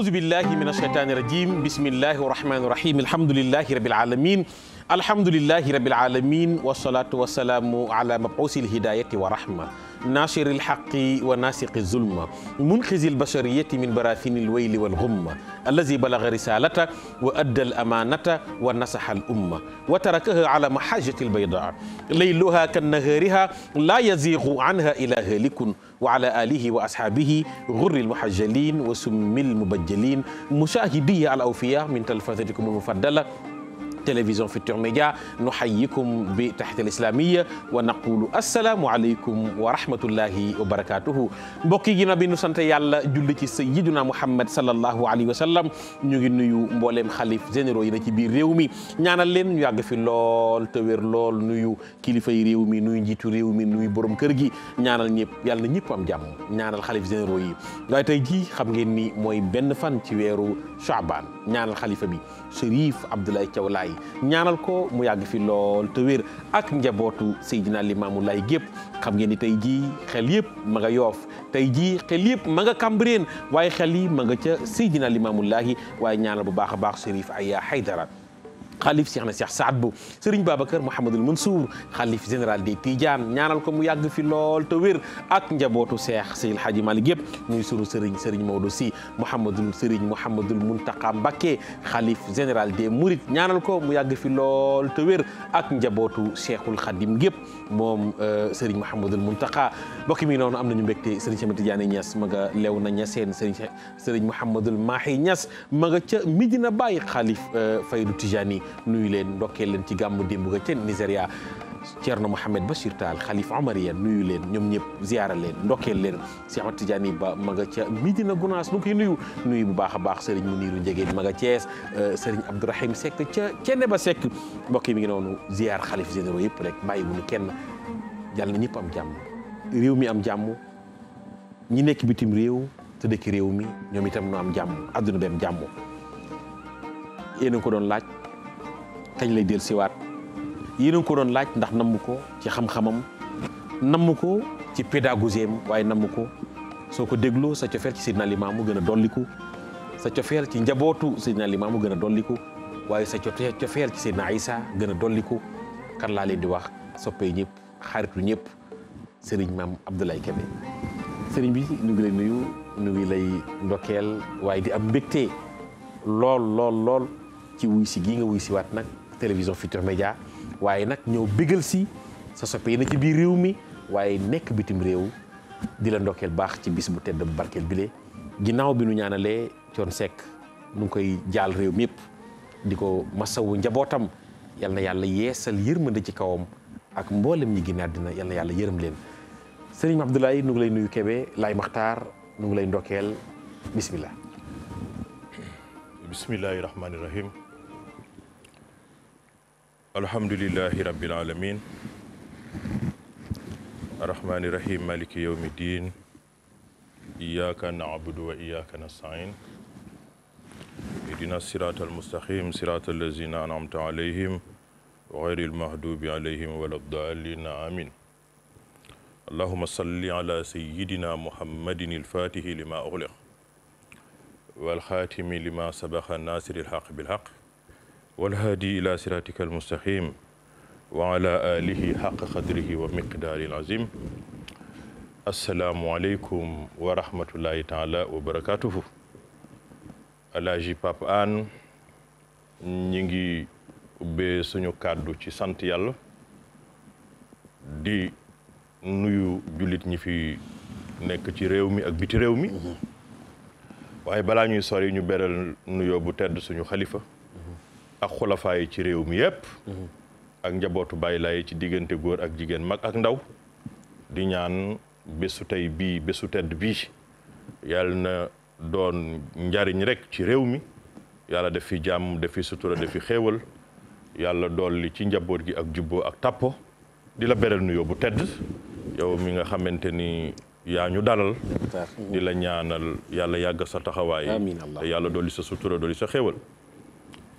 أعوذ بالله من الشيطان الرجيم بسم الله الرحمن الرحيم الحمد لله رب العالمين الحمد لله رب العالمين والصلاة والسلام على مبعوث الهداية ورحمة naashiri lxaqi wa naasiqi zulma munqizi lbashariyati min barafini lwayli walgumma allazi balaga risalata wa adda alamanata wa nasaha alumma wa tarakaha ala mahajati albayda layluha kannahariha la yaziqu anha ila halikun wa ala alihi wa ashabihi gurri almuhajjalin wa summi almubajjalin mushahidiya alawfiya min talfatatikum almufaddala télévision Futur Média nuhayyikum bi tahiyatil islamiyya wa naqulu assalaamu aleykum wa rahmatullahi wa barakatuhu mbokk yi ginnaaw bi nu sant yàlla julli ci sayyiduna Muhammad sallallahu alayhi wa sallam ñu ngi nuyu mbooleem xalif généraux yi na ci biir réew mi ñaanal leen yàgg fi lool te wér lool nuyu kilifay yi réew mi nuyu njiitu réew mi nuyu borom kër gi ñaanal ñëpp yàlla na ñëpp am jàmm ñaanal xalif généraux yi waaye tey jii xam ngeen ni mooy benn fan ci weeru Shaaban ñaanal xalifa bi Chérif Abdoulaye Thiaw Laye ñaanal ko mu yàgg fi lool te ak njabootu Seydina Limaamu Laye gépp xam ngeen ni tey jii xel yëpp ma nga yoof tey jii xel yëpp ma nga Cambérène waaye xel yi ma nga ca Seydina Limaamu Laye waaye ñaanal bu baax a baax Chérif Aya Haydara xalif Cheikh na Cheikh Saad Bou Serigne Babacar Mouhamadul Mansour xalif général des Tidiane ñaanal ko mu yàgg fi lool te wér ak njabootu Cheikh Seydil Hadji Malick yëpp muy suru Serigne Serigne Maodo Sy Mouhamadul Serigne Mouhamadul Mountakha Mbacké xalif général des Mourides ñaanal ko mu yàgg fi lool te wér ak njabootu Cheikhul Khadim yëpp moom euh, Serigne Mouhamadul Mountakha mbokk mi noonu am nañu mbégte Serigne Cheikh Tidiane Niass ma nga lew na Niassène Serigne Serigne Mouhamadul Mahi Niass ma nga ca Medina Baye xalif euh, Faydu Tijani nuyu leen ndokkee leen ci gàmmu démb ga ca Nigéria Thierno Mohamed ba Tall Khalif Omariya nuyu leen ñoom ñëpp ziara leen ndokkeel leen Cheikh Ahmad Tidiane Ba ma nga ca Médina Gounass nu ngi koy nuyu nuyu bu baax a baax Serigne Mouniru Njegeen ma nga Thiès euh, Serigne Abdourahim sekk ca Cene ba Seck mbokk yi mi ngi noonu ziar xalif généraux yëpp rek bàyyi wu ñu kenn jàll na ñëpp am jàmm réew mi am jàmm ñi nekk bitim réew te dëkk réew mi ñoom itam nu am jàmm àdduna bi am jàmm kañ lay del siwaat yéen a ko doon laaj ndax namm ko ci xam-xamam namm ko ci pédagogie am waaye namm ko soo ko dégloo sa cofeel ci Seydina Limaamu gën a dolliku sa cofeel ci njabootu Seydina Limaamu gën a dolliku waaye sa cofeel ci Seydina Isa gën a dolliku kan laa leen di wax soppee ñëpp xaritu ñëpp sëriñ maam Abdoulaye Kébé sëriñ bi ñu ngi lay nuyu ñu ngi lay ndokkeel waaye di am mbégte lool lool lool ci wuy si gii nga wuy si waat nag télévision Futur Média waaye nag ñëw bégal si sa soppe na ci biir réew mi waaye nekk bitim réew di la ndokkeel baax ci bis bu tedd bu barkeel bile ginnaaw bi nu ñaanalee Thione sekk nu ngi koy jaal réew mi yëpp di ko masawu njabootam yal na yàlla yeesal yërmande ci kawam ak mboolem ñi génn àddina yal na yàlla yërëm leen sëriñ Abdoulaye nu ngi lay nuyu Kébé lay Maxtaar nu ngi lay ndokkeel bismillah bismillahi rahmaani alhamdulilahi rabbil alamin arrahmani rahim maliki yawmi din iyyaka na'budu wa iyyaka nasta'in ihdina sirata almustaqim sirata allazina an'amta alayhim غير المغضوب عليهم ولا الضالين آمين اللهم صل على سيدنا محمد الفاتح لما أغلق والخاتم لما سبق الناصر الحق بالحق walhaadi ila siratika almustaqim wa ala alihi xaqa wa miqdaari alazim asalaamualeykum wa rahmatullahi taala wa barakatuhu alaaji Pape Hann ñi ngi ubbee suñu kàddu ci sant yàlla di nuyu jullit ñi fi nekk ci réew mi ak biti réew mi mm-hmm. waaye balaa ñuy sori ñu beral nuyoo bu tedd suñu xalifa ak xulafaa ci réew mi yépp ak njabootu Baay Laay ci diggante góor ak jigéen mag ak ndaw di ñaan bésu tey bii bésu tedd bii yàlla na doon njariñ rek ci réew mi yàlla def fi jàmm def fi sutura def fi xéewal yàlla dolli ci njaboot gi ak jubboo ak tàppo di la beral nuyoo bu tedd yow mi nga xamante ni yaa ñu dalal di la ñaanal yàlla yàgg sa taxawaay te yàlla dolli sa sutura dolli sa xéewal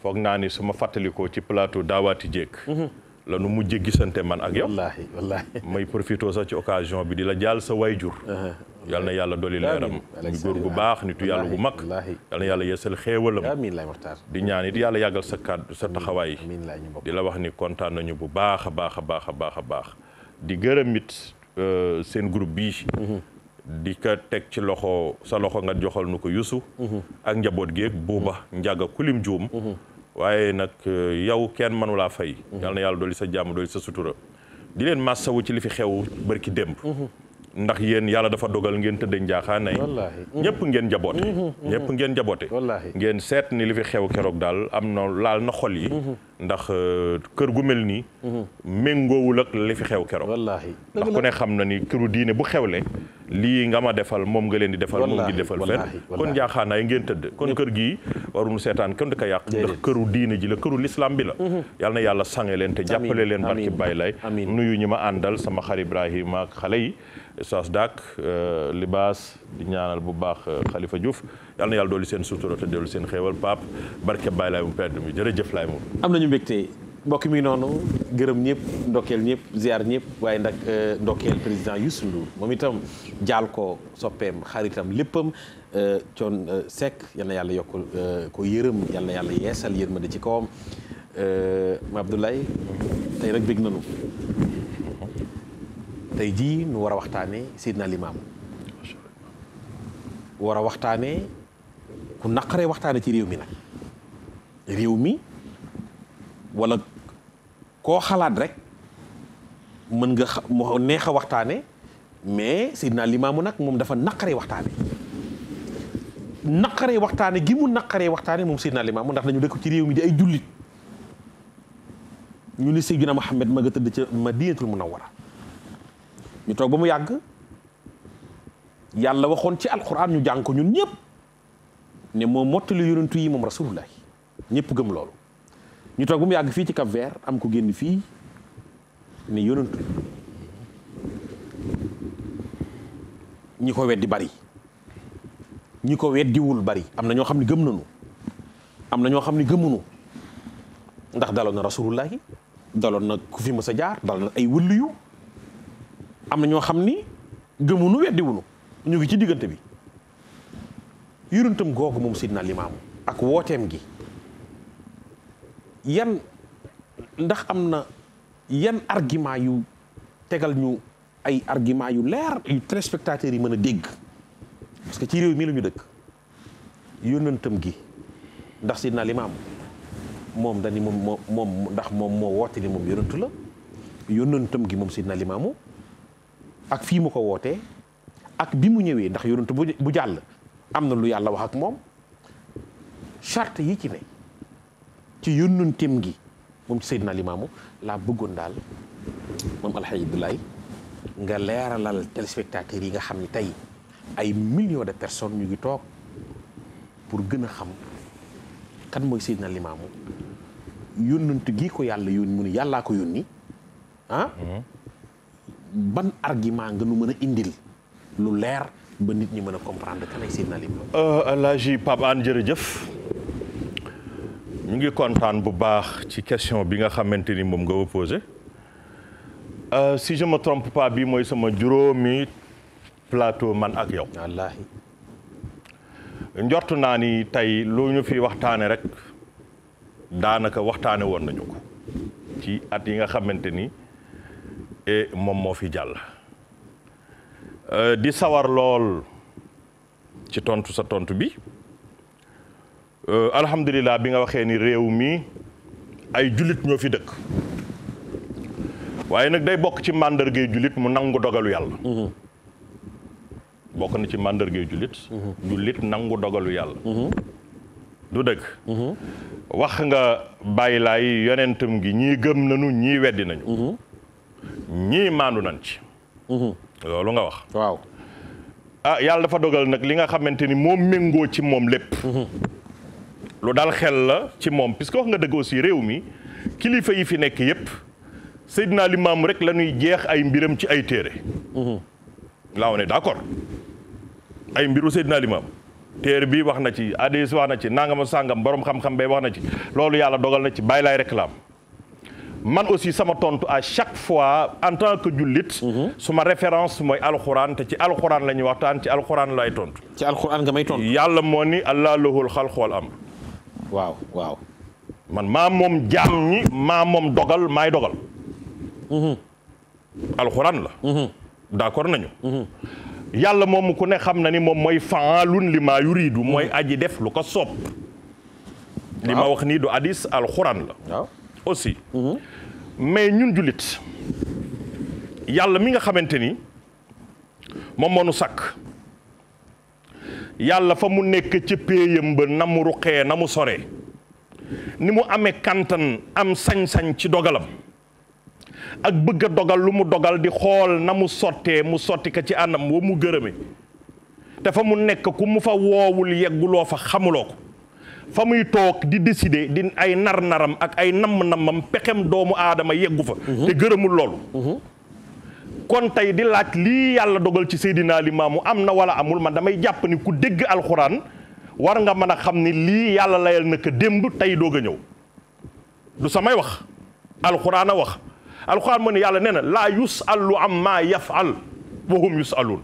foog naa ni su ma fàttalikoo ci plateau daawaati jéeg mhm. la nu mujjee gisante man ak yow. wallaahi wallaahi may profité sax ci occasion bi di la jaal sa wayjur. yal na yàlla dolli leeram ñu góor gu baax nitu yàlla bu mag. yal na yàlla yeesal xéewalam. di ñaan it yàlla yàggal sa kàddu sa taxawaay. di la wax ni kontaan nañu bu baax a baax a baax a baax a baax. di gërëm it euh, seen group bii. Mhm. di ko teg ci loxo sa loxo nga joxal nu ko Youssou. Mhm. ak njaboot geeg buuba njaga kulim juum. waaye nag euh, yow kenn mënu laa fay. Mhm. yal na yàlla dolli sa jàmm dolli sa sutura. di leen massawu ci li fi xew bërki démb. Mhm. ndax yéen yàlla dafa dogal ngeen tëdd njaaxaanay mm-hmm. ñëpp ngeen jaboote mm-hmm. mm-hmm. ñëpp ngeen jaboote ngeen seet ni li fi xew keroog daal am na laal na xol yi ndax euh, kër gu mel nii méngoowul ak li fi xew keroog ndax ku ne xam na ni këru diine bu xew le lii nga ma defal moom nga leen di defal moom ngi defal fen kon njaaxaanaay ngeen tëdd kon kër gii waruñu seetaan kenn du ko yàq ndax këru diine ji la këru lislaam bi la yàlla na yàlla sange leen te jàppale leen barki bàyyi lay nuyu ñi ma àndal sama xar Ibrahima ak xale yi Saas Dak euh, Libaas di ñaanal bu baax xalifa euh, Diouf yal na yàlla dolli seen sutura te seen xéewal Pape barke Baye laay mu perd mi jërëjëf laay moom. am nañu mbégte mbokk mi noonu gërëm ñëpp ndokkeel ñëpp ziar ñëpp waaye nag euh, ndokkeel président yu Ndour moom itam jaal ko soppeem xaritam léppam coon Seck yal na yàlla yokk ko yërëm yal na yàlla yeesal de ci kawam Abdoulaye tey rek bég nañu. tey jii nu war a waxtaanee Seydina Limaam war a waxtaanee ku naqaree waxtaane ci réew mi nag réew mi wala koo xalaat rek mën nga xa mu neex a waxtaane mais Seydina Limaamu nag moom dafa naqaree waxtaane naqaree waxtaane gi mu naqaree waxtaane moom Seydina Limaamu ndax dañu dëkk ci réew mi di ay jullit ñu ni Seydina Muhammad ma nga tëdd ca Madinatul Munawwara ñu toog ba mu yàgg yàlla waxoon ci alquran ñu jàng ko ñun ñëpp ne moo mottali yonentu yi moom rasulullah ñëpp gëm loolu ñu toog ba mu yàgg fii ci Cap Vert am ko génn fii ne yonentu ñi ko weddi bari ñi ko weddiwul bari am na ñoo xam ne gëm nañu am na ñoo xam ne gëmunu ndax daloon na rasulullahi daloon na ku fi mës a jaar daloon na ay wëllu yu am na ñoo xam ni gëmunu weddiwunu ñu ngi ci diggante bi yuruntam googu moom Seydina Limaamu ak wooteem gi yan ndax am na yan argument yu tegal ñu ay argument yu leer yu téléspectateurs yi mën a dégg parce que ci réew mi la ñu dëkk yonentam gi ndax Seydina Limaamu moom dani moom moom ndax moom moo woote ni moom yonentu la yonentam gi moom Seydina Limaamu ak fii mu ko wootee ak bi mu ñëwee ndax yonent bu jàll am na lu yàlla wax ak moom charte yi ci ne ci yonentam gi moom ci Seydina Limaamu laa bëggoon daal moom Alxaaji nga leeralal téléspectateurs yi nga xam ni tey ay millions de personnes ñu ngi toog pour gën a xam kan mooy Seydina Limaamu yónnant gii ko yàlla yónni mu ne yàllaa ko yónni ah mm-hmm. ban argument nga nu mën a indil lu leer ba nit ñi mën a comprendre kan ay Seydina Limamou Laye. Euh, El Hadj jërëjëf ñu ngi kontaan bu baax ci question bi nga xamante ni moom nga posé euh, si je me trompe bii mooy sama juróomi plateau man ak yow. wallaahi. njort naa ni tey lu ñu fi waxtaane rek daanaka waxtaane woon nañu ko ci at yi nga xamante ni. E moom moo fi jàll euh, di sawar lool ci tont sa tont bi euh, alhamdulilah bi nga waxee ni réew mi ay jullit ñoo fi dëkk waaye nag day bokk ci màndargay jullit mu nangu dogalu yàlla mhm. bokk na ci màndargay jullit mhm. jullit nangu dogalu yàlla mhm. du dëgg wax nga bàyyi laay yonentam gi ñii gëm nañu ñii weddi nañu ñii maandu nañ ci. Mhm. loolu nga wax. waaw ah yàlla dafa dogal nag li nga xamante ni moo méngoo ci moom lépp. Mhm. lu dal xel la ci moom puisque wax nga dëgg aussi réew mi kilifa yi fi nekk yépp Seydina Limaamu rek la ñuy jeex ay mbiram ci ay téere. Mhm. laa wane d'accord ay mbiru Seydina Limaamu téere bii wax na ci ADS wax na ci nangama sàngam borom xam-xam bay wax na ci loolu yàlla dogal na ci bàyyi laay réclame man aussi sama tontu à chaque fois en tant que jullit. Mhm. suma référence mooy alxuraan te ci alxuraan la ñuy waxtaan ci alxuraan lay tontu. ci alxuraan nga may yàlla moo ni allah lahul xalq wal waaw waaw. man maa moom jaam ñi maa moom dogal maay dogal. Mhm. alxuraan la. Mhm. d'accord nañu. yàlla moom ku ne xam na ni moom mooy faalun li maa yuridu mooy aji def lu ko soob. li ma wax nii du hadis alxuraan la. aussi. mais ñun jullit yàlla mi nga xamante ni moom moo sàkk yàlla fa mu nekk ci péeyam ba na mu ruqee na mu soree ni mu amee kantan am sañ-sañ ci dogalam ak bëgg dogal lu mu dogal di xool na mu sottee mu sotti ka ci anam wa mu gërëme te fa mu nekk ku mu fa woowul yegguloo fa xamuloo ko fa muy toog di décider di ay nar-naram ak ay namm-nammam pexem doomu aadama yeggu fa. Mhm. te gërëmul loolu. Mhm. kon tey di laaj lii yàlla dogal ci Seydina Limaamu am na wala amul ma damay jàpp ni ku dégg alxuraan war nga mën a xam ni lii yàlla layal na ko démb tey doog a ñëw du samay wax alxuraan a wax alxuraan moo ne yàlla nee na laa yusalu amma yafal wa hum yusaluun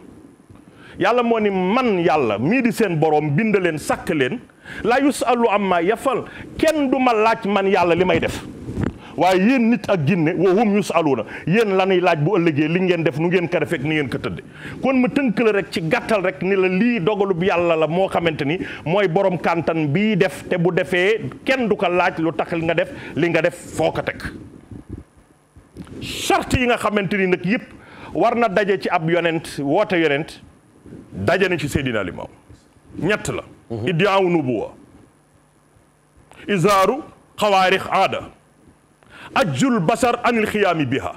yàlla moo ni man yàlla mii di seen boroom bind leen sàkk leen. laa yusalu amma yafal kenn du ma laaj man yàlla li may def waaye yéen nit ak jinne wa hum yusaluuna yéen lanuy laaj bu ëllëgee li ngeen def nu ngeen ko defek ni ngeen ko tëdde kon ma tënk la rek ci gàttal rek ni la lii dogalub yàlla la moo xamante ni mooy borom kàntan bii def te bu defee kenn du ko laaj lu tax li nga def li nga def foo ko teg charte yi nga xamante ni nag yëpp war na daje ci ab yonent woote yonent daje na ci Seydina Limaamu la iddiyaawu nubuwa izaaru xawaarix aada ajjul an anil xiyaami biha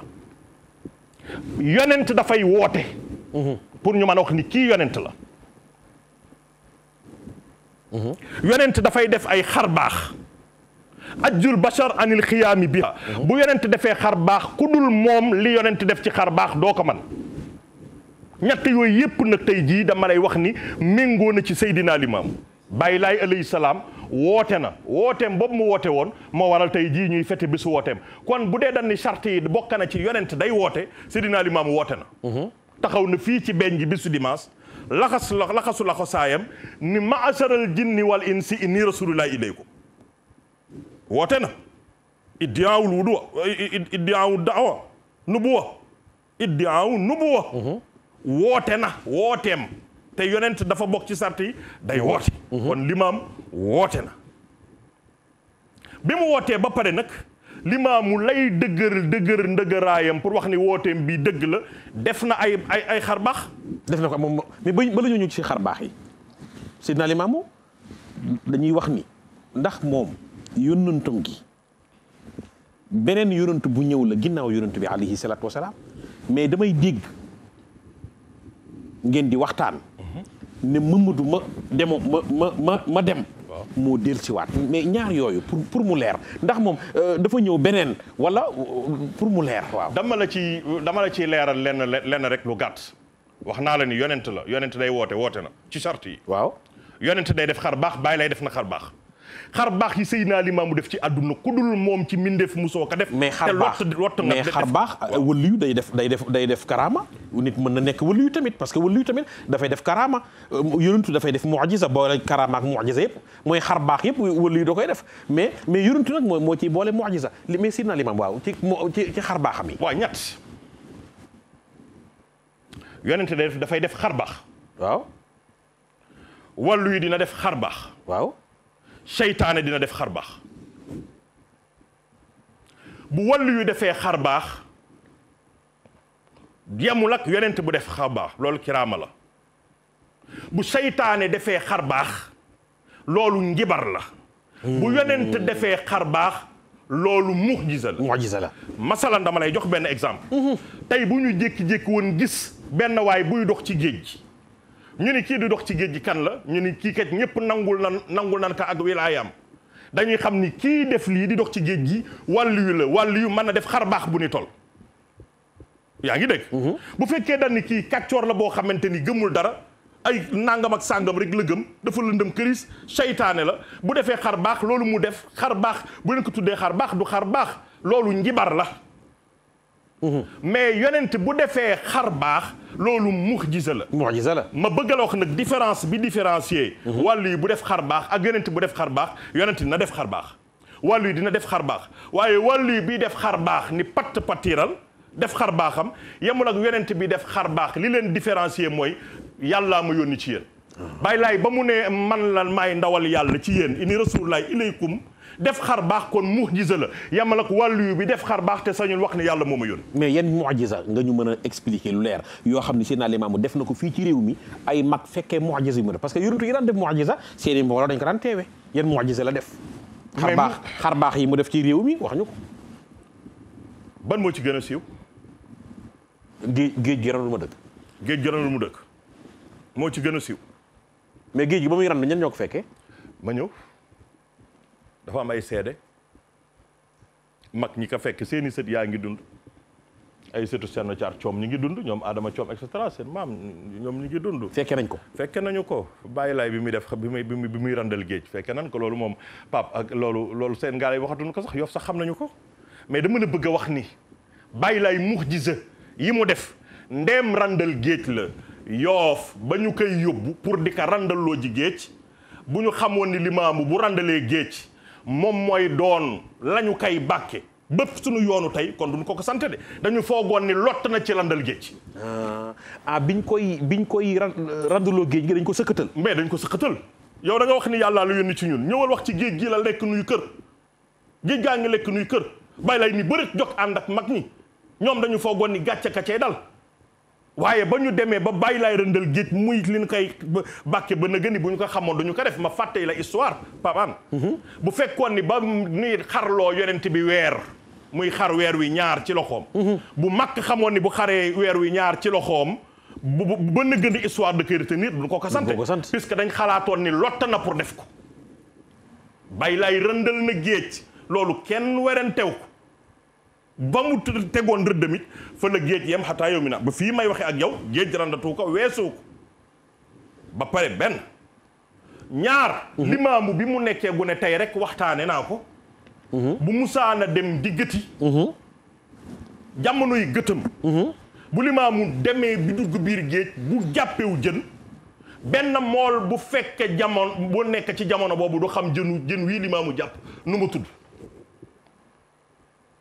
yonent dafay woote mhm. pour ñu mën a wax ni kii yonent la yonent dafay def ay xar baax ajjul bashar anil xiyaami biha mhm. bu yonent defee xar baax ku dul moom li yonent def ci xar baax doo ko man ñett yooyu yëpp nag tey jii dama lay wax ni méngoo na ci Seydina Limaamu bàyyi laay alayhi salaam woote na wooteem boobu mu woote woon moo waral tey jii ñuy fete bisu wooteem kon bu dee dañ ni charte yi bokk na ci yonent day woote Seydina Limaamu woote na mhm. taxaw na fii ci benn ji bisu dimanche laxas laxasu laxo saayam ni maasaral jinni wal insi inni rasulullahi ilaykum woote na iddiyaawul wuduwa iddiyaawul daawa nubuwa iddiyaawul nubuwa mhm. woote na wooteem te yonent dafa bokk ci sart yi day woote kon limaam woote na bi mu wootee ba pare nag limaamu lay dëgër dëggër ndëgëraayam pour wax ni wooteem bi dëgg la def na ay ay ay xar baax def na ko moom mais ba la ñu ñu ci xar baax yi sidna dañuy wax ni ndax moom yónnantam gi beneen yónnant bu ñëw la ginnaaw yónnant bi alayhi salaatu wasalaam mais damay dégg ngeen di waxtaan. ne ma demo ma ma ma ma dem. moo dellusiwaat mais ñaar yooyu pour pour mu leer ndax moom euh, dafa ñëw beneen wala euh, pour mu leer. waaw dama la ci dama la ci leeral lenn lenn rek lu gàtt. wax naa la ni yonent la yonent day woote woote na ci charte yi. waaw yonent day def xar baax bàyyi lay def na xar baax. xar baax yi Seydina Limaamu def ci àdduna ku dul moom ci mindeef musoo ko def. mais xar baax te lott lott nga def mais xar baax wëliyu euh, day def day def day def karaama nit mën na nekk wëliyu tamit parce que wëliyu tamit dafay def karaama euh, yonentu dafay def mujiza boole karaama ak mujiza yëpp mooy xar baax yëpp wëliyu da koy def mais mais yonentu nag mooy moo ciy boole mujiza li mais Seydina Limaam waaw ci ci ci xar baaxam yi. waaw ñett yonent dafay def xar baax. waaw. wàllu yi dina def xar baax. seytaane dina def xar baax bu wàllu yu defee xar baax yemul ak yonent bu def xar baax loolu kiraama la bu seytaane defee xar baax loolu ngibar la bu hmm. yonent defee xar baax loolu muxjisa la muxjisa la masalan dama lay jox benn exemple hmm. tey bu ñu jékki-jékki woon gis benn waay buy dox ci géej gi ñu ni kii di dox ci géej gi kan la ñu ni kii kat ñëpp nangul nan nangul nan ka ak wilaayam dañuy xam ni kii def lii di dox ci géej gi wàllu yu la wàllu yu mën na def xar baax bu ni tol yaa ngi dégg mhm. bu fekkee dañ ni kii kàccoor la boo xamante ni gëmul dara ay nangam ak sàngam rek la gëm dafa lëndëm këris seytaane la bu defee xar baax loolu mu def xar baax bu leen ko tuddee xar baax du xar baax loolu njibar la mais yonent bu defee xar baax loolu muxjisa la muxjisa la ma bëgg la wax nag différence bi différencier mhm. wàllu yi bu def xar baax ak yonent bu def xar baax yonent na def xar baax wàllu yi dina def xar baax waaye wàllu yi bii def xar baax ni patt pattiral def xar baaxam yemul ak yonent bi def xar baax li leen différencier mooy yàllaa ma yónni ci yéen Baay Laay ba mu ne man la maay ndawal yàlla ci yéen ini rasulullahi ilaykum def xar baax kon mujiza la yàlla nag wàllu bi def xar baax te sañul wax ne yàlla moom ma yoon mais yan mujiza nga ñu mën leer yoo xam ne seen alimaamu def na ko fii ci réew mi ay mag fekkee mujiza parce que yonent yi daan def mujiza seen i mbooloo dañ la def xar baax xar baax yi mu def ci réew mi wax ñu ko ban moo ci gën a siiw géej géej gi ranul ma dëkk géej gi ranul ma dëkk moo ci gën a siiw mais géej gi ba muy rand ñan ñoo ko fekkee. ma ñëw dafa am ay seede mag ñi ko fekk seeni sët yaa ngi dund ay sëtu Cerno Caar coom ñi ngi dund ñoom Adama coom et cetera seen maam ñoom ñi ngi dund. fekke nañ ko. fekke nañu ko bàyyi laay bi muy def bi muy bi muy randal géej fekke nan ko loolu moom Pape ak loolu loolu seen gaa yi waxatuñu ko sax yof sax xam nañu ko mais dama a bëgg a wax ni bàyyi laay muxjisa yi mu def ndeem randal géej la. yoof ba ñu koy yóbbu pour di ko randalloo ji géej bu ñu xamoon ni limaamu bu randalee géej moom mooy doon la kay koy bàkke bépp suñu yoonu tey kon duñ ko ko sant de dañu foogoon ni lott na ci randal géej ah, ah biñ koy biñ koy randaloo géej gi dañ ko sëkkatal mais dañ ko sëkkatal yow da nga wax ni yàllaa la yónni ci ñun ñëwal wax ci géej gii la lekk nuy kër géej gaa ngi lekk nuy kër bàyyi lay ni bërit jog ànd ak mag ñi ñoom dañu foogoon ni gàcce ka cey dal waaye ba ñu demee ba bàyyi laay rëndal géej muy li ñu koy bàkke ba na gëni bu ñu ko xamoon duñu ko def ma fàtte la histoire papan mhm. bu fekkoon ni ba nuy xarloo yonent bi weer muy xar weer wi ñaar ci loxoom mhm. bu mag xamoon ni bu xaree weer wi ñaar ci loxoom bu ba na gëni histoire da koy retenir duñu ko ko sant que dañ xalaatoon ni lotta na pour def ko bàyyi laay rëndal na géej loolu kenn werentew ko ba mu tegoon rëddam it fa la géej yem xataa yow mi na ba fii may waxee ak yow géej randatu ko weesu ko ba pare benn ñaar mhm. limaamu bi mu nekkee gune tey rek waxtaane naa ko mhm. bu musaana dem di gëti mhm. jamonoy gëtëm bu limaamu demee bi dugg biir géej bu jàppewu jën benn mool bu fekk jamono bu nekk ci jamono boobu du xam jënu jën wii limaamu jàpp nu ma tudd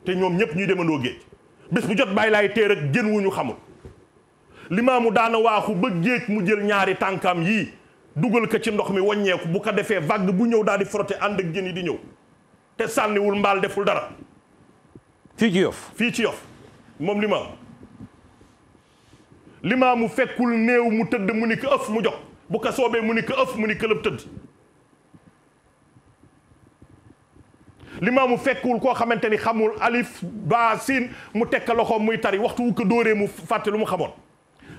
te ñoom ñëpp ñuy demandoo géej bés bu jot bàyyi laay téer ak jën wu ñu xamul limaamu daana waaxu ba géej mu jël ñaari tànkam yii dugal ko ci ndox mi waññeeku bu ko defee vague bu ñëw daal di frotter ànd ak jën yi di ñëw te sànniwul mbaal deful dara. fii ci yof fii ci yof moom limaamu limaamu fekkul néew mu tëdd mu ni ko ëf mu jox bu ko soobee mu ni ko ëf mu ni këlëb tëdd. limaamu fekkuwul koo xamante ni xamul alif ba siin mu tekk loxoom muy tari waxtu wu ko dóoree mu fàtte lu mu xamoon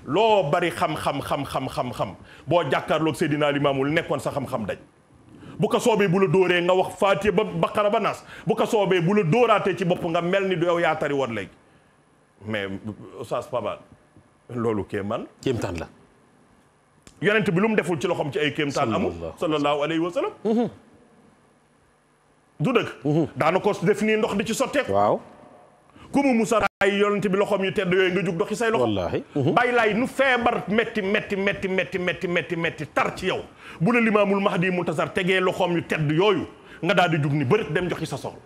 loo bari xam-xam xam-xam xam-xam boo jàkkaarloog Seydina Limaamul nekkoon sax xam-xam daj bu ko soobee bu la dóoree nga wax Faatiha ba Baqara ba Naas bu ko soobee bu la dóoraatee ci bopp nga mel ni du yaa tari woon léegi mais oustaz Pabal loolu man kéemaan kéemtaan la yonent bi lu mu deful ci loxoom ci ay kéemtaan amul sallallahu alayhi wa sallam du dëgg. Mhm. daana def nii ndox di ci sotteeku. waaw ku mu musa ay yonent bi loxoom yu tedd yooyu nga jug doxi say loxo. wallaahi. Mhm. bàyyi laay nu feebar metti metti metti metti metti metti metti tar ci yow bu la limaamul mahdi muntasar tegee loxoom yu tedd yooyu nga daal di jug ni bërit dem joxi sa soxla.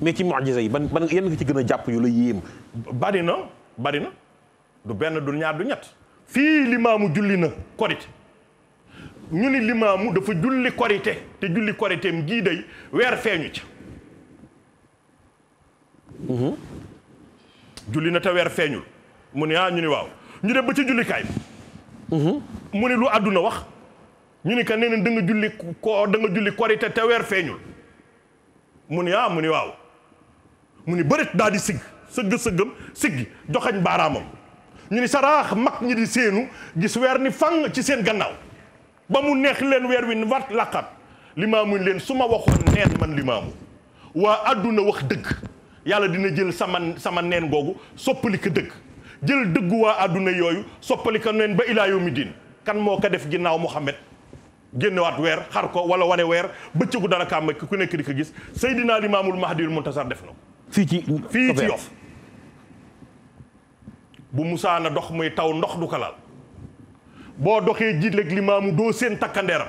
mais ci mucjisa yi ba ban yan nga ci gën a jàpp yu la yéem. bari na bari na du benn du ñaar du ñett fii limaamu julli na korite ñu ni limaamu dafa julli korite te julli koriteem gii day weer feeñu ca mhm. julli na te weer feeñul mu ne ah ñu ni waaw ñu dem ba ci jullikaay mhm. mu ni lu àdduna wax ñu ni ka nee na da nga julli ko da julli korite te weer feeñul mu ni ah mu ni waaw mu ni bërit daal di sigg sëgg sëggam siggi joxañ baaraamam ñu ni saraax mag ñi di séenu gis weer ni fang ci seen gannaaw ba mu neex leen weer wi wat laqat limaamu leen su ma waxoon neen man limaamu waa àdduna wax dëgg yàlla dina jël sama sama neen googu soppalik ko dëgg jël dëggu waa àdduna yooyu soppali ko neen ba ilaa yawmi diin kan moo ko def ginnaaw Muhammad génnewaat weer xar ko wala wane weer bëccëgu dara kàmm ku nekk di ko gis Seydina Limaamul Mahdiyul Muntasar def na ko. fii ci fii ci Yoff bu musaana dox muy taw ndox du ko laal boo doxee ji jiitleeg limaamu doo seen takkandeera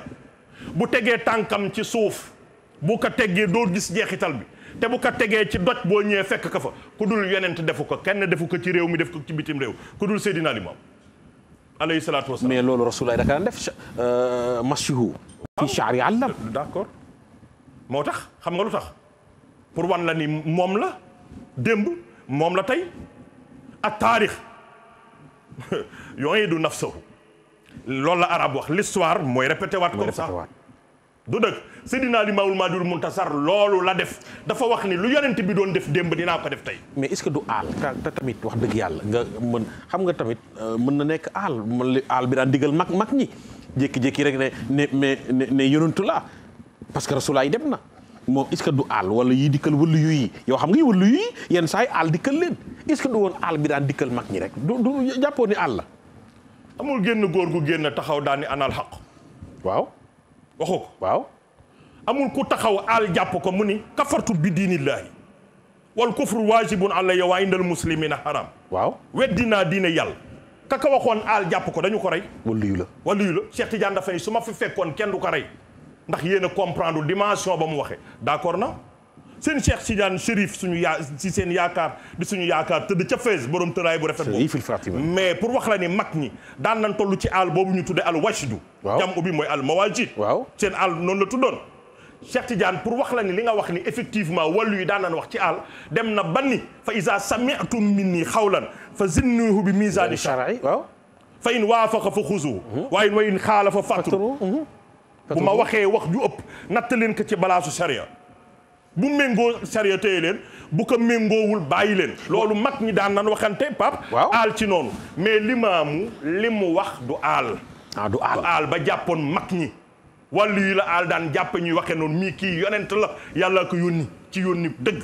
bu tegee tànkam ci suuf bu ko teggee doo gis jeexital bi te bu ko tegee ci doj boo ñëwee fekk ka fa ku dul yonent defu ko kenn defu ko ci réew mi def ko ci bitim réew ku dul Seydina Limaam alayhi salaatu wa salaam mais loolu rasulaay da ka daan def euh, mashihu fi ah. shaari allam d'accord moo tax xam nga lu tax pour wan la ni moom la démb moom la tey ak taarix yooyu du nafsahu loolu la arab wax l'histoire mooy répété waat comme ça du dëgg Seydina Limaamul Mahdiul sar loolu la def dafa wax ni lu yonent bi doon def démb dinaa ko def tey mais est-ce que du aal te tamit wax dëgg yàlla nga mën xam nga tamit euh, mën na nekk aal mën aal bi daan digal mag mag ñi jékki-jékki rek ne mais ne yonentu parce que rasulaay dem na moo est que du aal wala yi dikkal wëllu yu yi yow xam nga yi wëllu yu yi yenn saa yi aal dikkal leen est-ce du woon aal bi daan dikkal mag ñi rek du du jàppoo ni aal la amul génn góor gu génn taxaw daani anal xaq waaw waxu ko waaw amul ku taxaw al jàpp ko mu ni kafartu bi diinillaahi wal kufru waajibun alayya wa indal muslimina haram waaw naa diine yàlla kaka waxoon al jàpp ko dañu ko rey waliyu la waliyu la Cheikh Tidiane dafa ni su ma fi fekkoon kenn du ko rey ndax yéen comprendre dimension ba mu waxee d'accord na seen Cheikh Sidiane Chérif suñu yaa ci seen yaakaar di suñu yaakaar tëdd ca fees borom tëraay bu rafet boobu mais pur wax la ni mag ñi daan nañ toll ci àll boobu ñu tudde al wajdu jam ubbi mooy al mawajid waaw seen àll noonu la tuddoon Cheikh Tidiane pour wax la ni li nga wax ni effectivement wàllu yi daan nañ wax ci àll dem na banni fa isa sami'tum minni xawlan fa zinnuhu bi misaani shar'i waaw fa in waafaqa fa xuzuhu mhm. wa in wa in xaalafa fatru mhm. bu ma waxee wax ju ëpp natt leen ko ci balaasu sharia bu méngoo sariya leen bu ko méngoowul bàyyi leen loolu mag ñi daan nan waxante pap waaw aal ci noonu mais limaamu li mu wax du aal ah du aal du ba jàppoon mag ñi wàllu yi la aal daan jàppe ñuy waxe noonu mii kii yonent la yàlla ko yónni ci yónni dëgg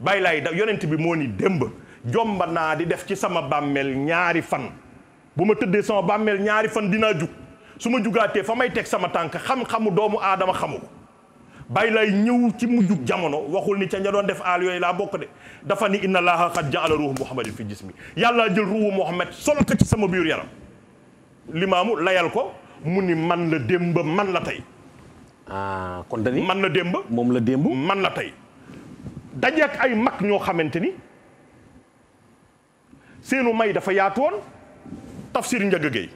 bàyyi laay da yonent bi moo ni démb jomba naa di def ci sama bàmmeel ñaari fan bu ma tëddee sama bàmmeel ñaari fan dinaa jug su ma jugaatee fa may teg sama tànk xam-xamu doomu aadama xamu bàyyi lay ñëw ci mujjug jamono waxul ni ca ña doon def aal yooyu laa bokk de dafa ni inna allaha qad jaala ruuhu muhammadin fi jismi yàlla jël ruuhu muhammad solo ko ci sama biir yaram limaamu layal ko mu ni man la démb man la tey ah kon dani démb moom la démb man la tey dajeek ay mag ñoo xamante ni seenu may dafa yaatu woon tafsir njëgëgëy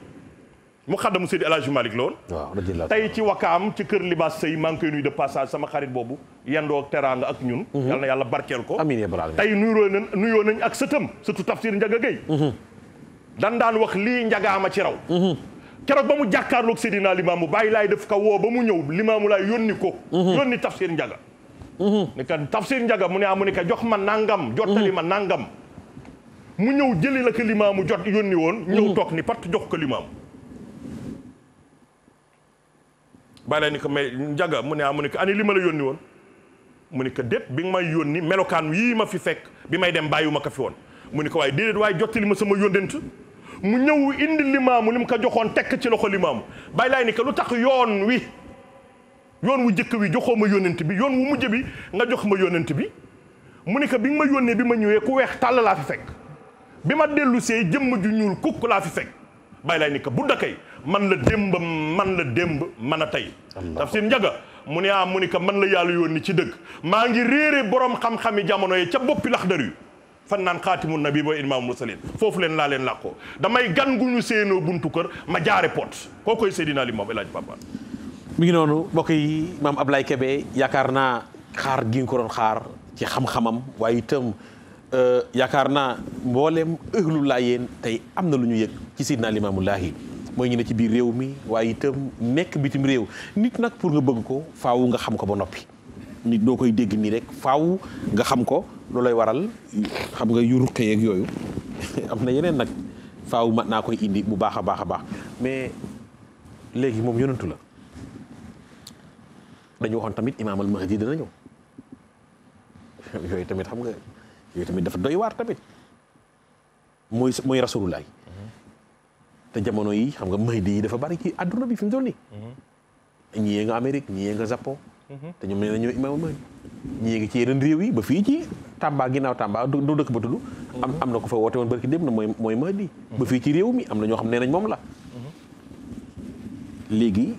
mu xaddamu Seydi El Hadji Malick la woon tey ci wakaam ci kër libaas sëy maa ngi koy nuyu de passage sama xarit boobu yendoo ak teraanga ak ñun mhm. yal na yàlla barkeel ko tey nuyoo nañ nuyoo nañ ak sëtam surtout tafsir Njaga Gay mhm. dan daan wax lii njagaama ci raw mhm. keroog ba mu jàkkaarloog Seydina Limaamu bàyyi laay def ka woo ba mu ñëw Limaamu laay yónni ko yónni tafsir Njaga ni kan tafsir Njaga mu ne amu ah, ni ka jox ma nangam jottali ma nangam mu ñëw jëli la ko Limaamu jot yónni woon ñëw toog ni pat jox ko Limaamu bàyyi ni ko mais njaga mu ne ah mu ne ko ani li ma la yónni woon mu ne ko déet bi nga may yónni melokaan yii ma fi fekk bi may dem bàyyiwuma ko fi woon mu ne ko waaye déedéet waaye jottali ma sama yóndent mu ñëw indi limaamu li mu ko joxoon tekk ci loxo limaamu bàyyi laay ni ko lu tax yoon wi yoon wu jëkk wi joxoo ma yónent bi yoon wu mujj bi nga jox ma yónent bi mu ne ko bi nga ma yónnee bi ma ñëwee ku weex tàll laa fi fekk bi ma dellu see jëmm ju ñuul kukk laa fi fekk bay laay ni ko bu dakay man la démb man la démb man a tey tafsir njaga mu ne ah mu ni ka man la yàlla yónni ci dëgg maa ngi réere borom xam-xami jamono yi ca boppi laxdar yu fan naan xaatimu nabi ba imaamul mursalin foofu leen laa leen làkkoo damay gan gu ñu séenoo buntu kër ma jaare pot koo koy Seydina Limaamu El Hadj Papa ngi noonu mbokk yi maam Ablaye Kébé yaakaar naa xaar gi ko doon xaar ci xam-xamam waaye itam euh, yaakaar naa mboolem ëhlu laa yéen tey am na lu ñu yëg ci Seydina Limaamu Laahi mooy ñu ci biir réew mi waaye itam nekk bitim réew nit nag pour nga bëgg ko faawu nga xam ko ba noppi nit doo koy dégg nii rek faaw nga xam ko loolu loolay waral xam nga yu ruqe yooyu am na yeneen nag faaw mat naa koy indi bu baax a baax a baax mais léegi moom yonentu la dañu waxoon tamit imaam al mahdi yooyu tamit xam nga yooyu tamit dafa doy waar tamit mooy mooy rasulullah te jamono yi xam nga mahdi yi dafa bari ki àdduna bi fi mu toll nii. Mhm. nga Amérique ñii nga Japon. Mhm. te ñoom nee na ñooy imaamu mahdi. ñii nga ci yeneen réew yi ba fii ci Tamba ginnaaw Tamba du dëkk mhm. am na ko fa woote mooy mooy mahdi. fii ci réew mi am na ñoo xam nee nañ moom la. léegi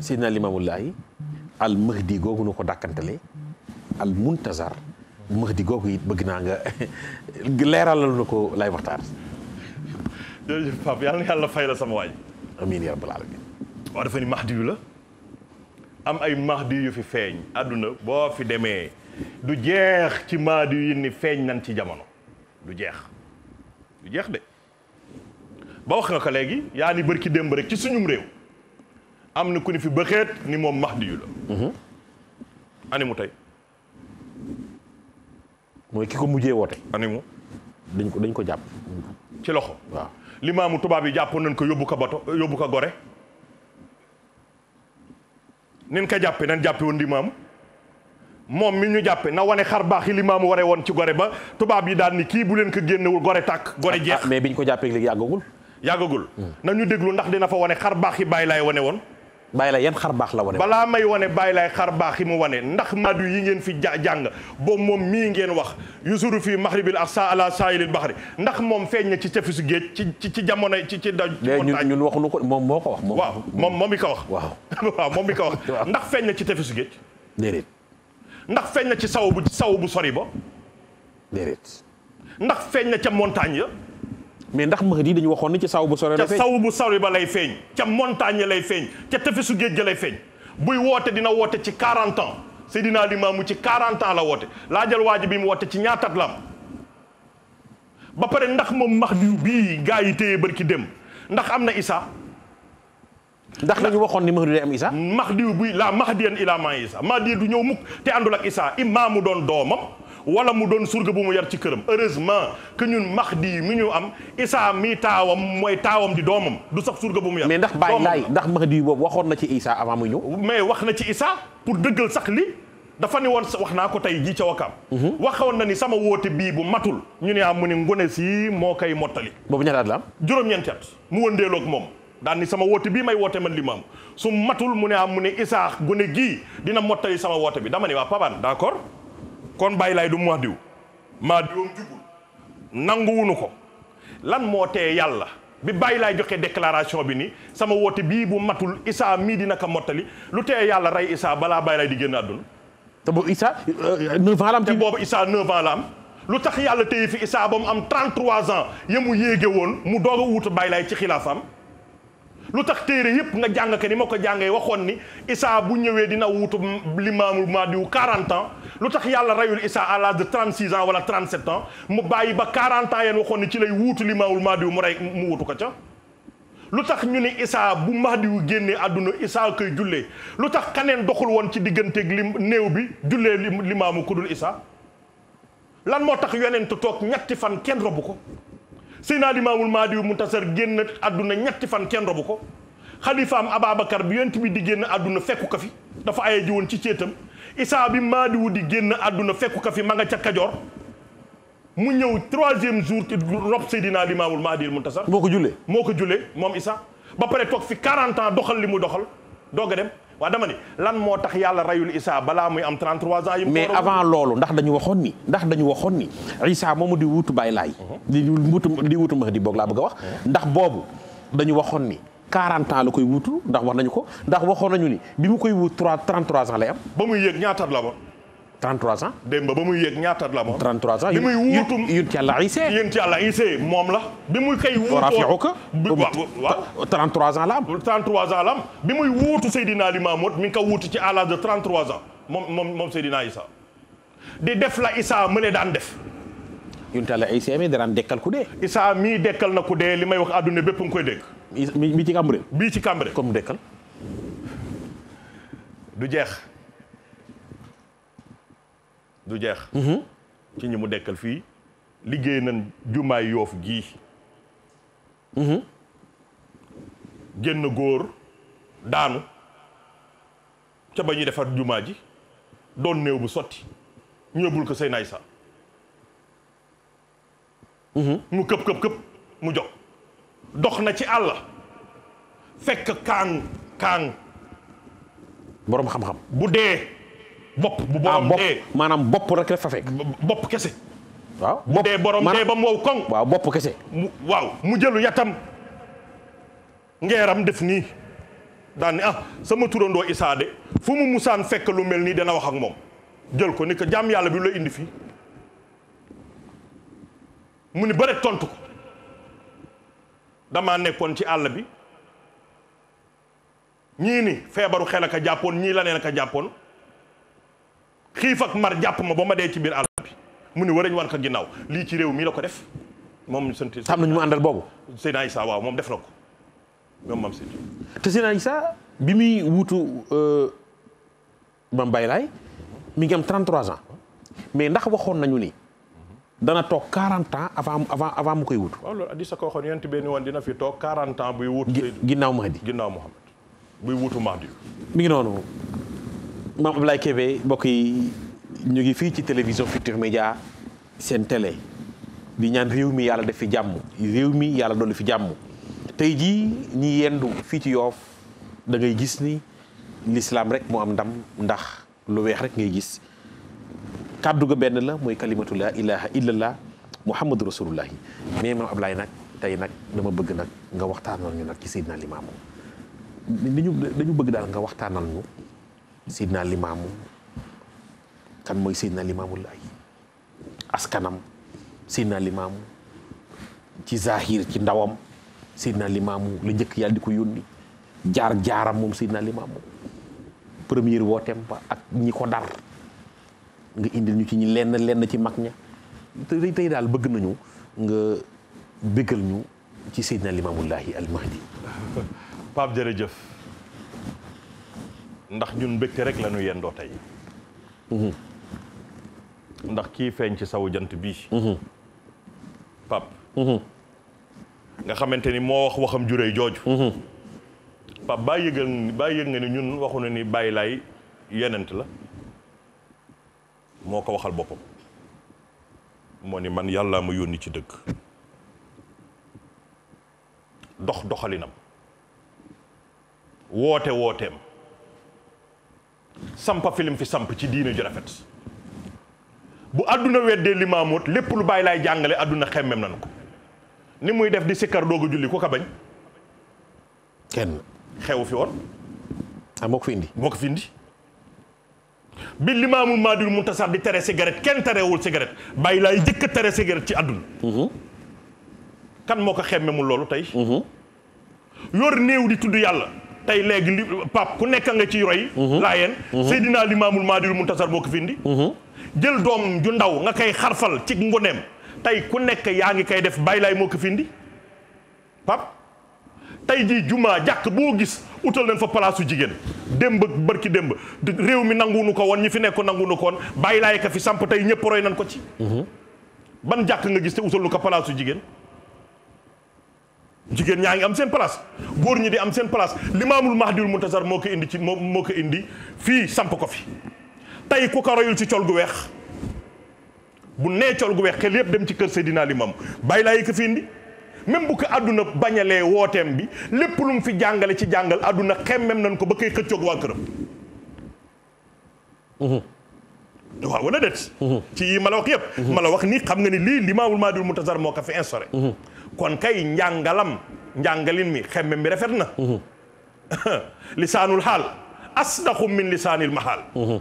Seydina Limaamu Laay al mahdi googu nu ko dàkkantale al muntazar mahdi googu it bëgg naa nga leeralal na ko lay waxtaan. jërëjëf Pape yàlla na yàlla fay la sama waay. amiin yaa rabbal aalamiin. waaw dafa ni mahdi yu la am ay mahdi yu fi feeñ àdduna boo fi demee du jeex ci mahdi yi ni feeñ nan ci jamono du jeex du jeex de ba wax nga ko léegi yaa ni bërki démb rek ci suñum réew am na ku ni fi bëxeet ni moom mahdi yu la mhm. ani tey mooy ki ko mujjee woote ani dañ ko dañ ko jàpp ci loxo waaw limaamu tubaab yi jàppoon nañ ko yóbbu ko bato yóbbu ko gore nin ko jàppe nan jàppe woon limaamu moom mi ñu jàppe na wane xar baax yi limaamu ware woon ci gore ba tubaab yi daan ni kii bu leen ko génnewul gore tàkk gore ah, jeex ah, mais biñ ko jàppee léegi yàggagul yàggagul ñu déglu ndax dina fa wane xar baax yi bàyyi lay wane woon bàyyi la yan xar baax la wane. balaa may wane bàyyi laay xar baax yi mu wane ndax maadu yi ngeen fi ja jàng boobu moom mii ngeen wax yusuru fii maxribil ak saa ala saahilil baxri ndax moom feeñ na ci tefesu géej ci ci ci jamono ci ci. daw ñun ñun waxuñu ko moom moo ko wax. moom waaw moom moom mi ko wax. waaw waaw moom mi ko wax ndax feeñ na ci tefesu géej. déedéet. ndax feeñ na ci saw bu saw bu sori ba. déedéet. ndax feeñ na ca montagne ya. mais ndax Mahdi dañu waxoon ni ci saw bu sore ca saw bu ba lay feeñ ca montagne lay feeñ ca tefesu géej ga lay feeñ buy woote dina woote ci 40 ans Seydina Limaamu ci 40 ans la woote laajal waa ji bi mu woote ci ñaatat lam ba pare ndax moom Mahdi bii gaa yi téye bërki dem ndax am na Isa ndax dañu waxoon ni Mahdi day am Isa Mahdi buy la Mahdiyan ilaa man Isa Mahdi du ñëw mukk te àndul ak Isa imaamu doon doomam wala mu doon surga bu mu yar ci këram heureusement que ñun di mu ñu am Isa mi taawam mooy taawam di doomam du sax surga bu mu yar. mais ndax Baye Laye ndax Mahdi boobu waxoon na ci Isa avant muy ñëw. mais wax na ci Isa pour dëggal sax li dafa ni woon wax naa ko tey jii ca Wakaam. Mhm. waxoon na ni sama woote bii bu matul. ñu ne ah mu ne ngone si moo koy mottali. boobu ñaata at la am. juróom-ñeenti at mu moom daan ni sama woote bii may woote man li ma am su matul mu ne ah mu ne Isaax dina mottali sama woote bi dama ne waa Paban d'accord. kon bàyyi laay du mu wax diw maa nangu jubul nanguwunu ko lan moo tee yàlla bi bàyyi laay joxe déclaration bi ni sama woote bii bu matul isaa mii dina ko mottali lu tee yàlla rey isaa balaa bàyyi laay di génn àdduna te boobu isaa euh, euh, neuf am te boobu isaa neuf ans la am lu tax yàlla téye fi isaa ba mu am 33 ans ya mu yéege woon mu doog a wut bàyyi laay ci xilaafam lu tax téere yëpp nga jàng ka ni ma ko jàngee waxoon ni Isaa bu ñëwee dina wutu limaamu Mahdiyu 40 ans lu tax yàlla rayul Isaa à l'âge de 36 ans wala 37 ans mu bàyyi ba 40 ans yéen waxoon ni ci lay wutu limaamu Mahdiyu mu rey mu wutu ko ca. lu tax ñu ni Isaa bu Mahdiyu génnee àdduna Isaa koy jullee lu tax kaneen doxul woon ci digganteeg lim néew bi jullee limaamu ku dul Isaa lan moo tax yonent toog ñetti fan kenn robu ko. Seydina Limaamul Mahdi Muntasar génn àdduna ñetti fan kenn robu ko xalifaam Ababacar bi yonent bi di génn àdduna fekku ko fi dafa aye ji ci céetam Isaa bi Mahdi di génn àdduna fekku ko fi ma nga ca Kajoor mu ñëw troisième jour ci rob Seydina Limaamul Mahdi Muntasar moo ko jullee moo ko jullee moom Isaa ba pare toog fi 40 ans doxal li mu doxal doog a dem waa dama ni lan moo tax yàlla reyul Isa balaa muy am 33 ans. mais avant loolu ndax dañu waxoon ni ndax dañu waxoon ni Isa moomu di wutu Baay Laay. Mhm. di wutu di wutu Mahdi boog laa bëgg wax. Mhm. ndax boobu dañu waxoon ni. 40 ans la koy wutu ndax wax nañu ko ndax waxoon nañu ni bi mu koy wut 3 33 ans lay am. ba muy yëg ñaata la woon. 33 ans. démb ba muy yéeg ñaata la moom. 33 ans bi muy wuutum yonent Yàlla Isaa. yonent Yàlla Isaa moom la. bi muy kay wuutoo rafiuka. bi waaw 33 ans la am. 33 ans la am bi muy wuutu Seydina Limaamu mi ngi ko wuutu ci à l'âge de 33 ans moom moom moom Seydina di def la Isaa mëne daan def. yonent Yàlla Isaa mi daraan dekkal ku dee. Isaa mii dekkal na ku dee li may wax àdduna bépp nga koy dégg. mi ci Cambérène. bii ci Cambérène. comme dekkal. du jeex. du jeex mhm. ci ñi mu dekkal fii liggéey na jumaay yoof gii mhm. génn góor daanu ca ba ñuy defar jumaa ji doon néew bu sotti ñu yóbbul ko Seyna Issa mhm. mu këpp këpp mu jox dox na ci àll fekk kaang kaang boroom xam-xam bu dee bopp bu ah, borom dee maanaam bopp rek la fa fekk. bopp kese. waaw bopp dee borom dee ba mu wow koŋ. waaw bopp kese. mu waaw mu jëlu yatam ngeeram def nii daan ni ah sama turandoo Issa de fu mu musaan fekk lu mel nii dana wax ak moom jël ko ni ko jàmm yàlla bi la indi fii mu ni bëre tontu ko damaa nekkoon ci àll bi ñii ni feebaru xel ak jàppoon ñii la neen jàppoon xiif ak mar jàpp ma ba ma dee ci biir àll mu ni war añ wan ko ginnaaw lii ci réew mii la ko def moom sant xam nañu mu àndal boobu Seydina Issa waaw moom def na ko ñoom maam Seydi te Seydina Issa bi muy wuutu euh, Mame Baye Laye mi ngi am 33 mais ndax waxoon nañu ni dana toog 40 ans avant avant avant mu koy wutu waaw loolu addis a yent benn woon dina fi toog 40 ans buy wutu ginnaaw Mahdi ginnaaw Mouhamed buy wutu Mahdi mi ngi noonu maam Abdoulaye Kébé mbokk yi ñu ngi fii ci télévision Futurs Médias seen tele di ñaan réew mi yàlla def fi jàmm réew mi yàlla dolli fi jàmm tey jii ñi yendu fii ci yoof dangay gis ni lislaam rek moo am ndam ndax lu weex rek ngay gis kàddu ga benn la mooy kalimatu la ilaha illallah muhammadu rasulullahi mais maam laay nag tey nag dama bëgg nag nga waxtaanal ñu nag ci Seydina Limaamu dañu dañu bëgg daal nga waxtaanal ñu Seydina Limaamu kan mooy Seydina Limaamu Laay askanam Seydina Limaamu ci zahir ci ndawam Seydina Limaamu la njëkk yàlla di ko yónni jaar jaaram moom Seydina Limaamu première wooteem ba ak ñi ko dar nga indil ñu ci ñi lenn lenn ci mag ña tey tey daal bëgg nañu nga bëggal ñu ci Seydina Limaamu Laahi al ndax ñun mbégte rek la ñu yendoo tey mhm. ndax kii feeñ ci sawu jant bii mhm. pap mhm. nga xamante ni moo wax waxam jurey jooju pap baa yëgal baa yëg nga ni ñun waxu na ni bàyyi laay yenent la moo ko waxal boppam moo ni man yàllaa ma yónni ci dëkk dox doxalinam woote wooteem sampa filim fi samp ci diine ju bu àdduna weddee limaamut lépp lu bàyyi laay jàngale àdduna xemmem nañu ko ni muy def di sikkar doog julli ku ko bañ kenn xewu fi woon ah moo ko fi indi moo ko fi indi bi limaamul maadul muntasar di tere cigarette kenn terewul cigarette bàyyi laay jëkk tere cigarette ci àdduna mm-hmm. kan moo ko xemmemul loolu tey mm-hmm. yor néew di tudd yàlla tey léegi li pap ku nekk nga ci roy mhm. laayeen mhm. Seydina Limaamul Mahdiyul Muntasar moo ko fi indi mhm. jël doom ju ndaw nga koy xarfal ci ngoneem tey ku nekk yaa ngi koy def bàyyi laay moo ko fi indi pap tey jii jumaa jàkk boo gis utal nañ fa palaasu jigéen démb bërki démb réew mi nanguwunu ko woon ñi fi nekk nanguwunu ko woon bàyyi laay ka fi samp tey ñëpp roy nañ ko ci ban jàkk nga gis te utal nu ko palaasu jigéen jigéen ñaa ngi am seen place góor ñi di am seen place limaamul mahdiul muntasar moo ko indi ci moo moo ko indi fii samp ko fi tey ku ko royul ci col gu weex bu nee col gu weex xel yépp dem ci kër Seydina Limaamu bàyyi laa yi ko fi indi même bu ko àdduna bañalee wooteem bi lépp lu fi jàngale ci jàngal àdduna xem xemmem nañ ko ba koy xëccoog waa këram mhm. waaw wala déet mhm. ci yi ma la wax yépp mhm. ma la wax nii xam nga ni lii limaamul mahdiul muntasar moo ko fi instauré kon kay njàngalam njàngalin mi xemme mi rafet na mhm. lisaanul xaal asdaqu min lisaanil maxaal mhm.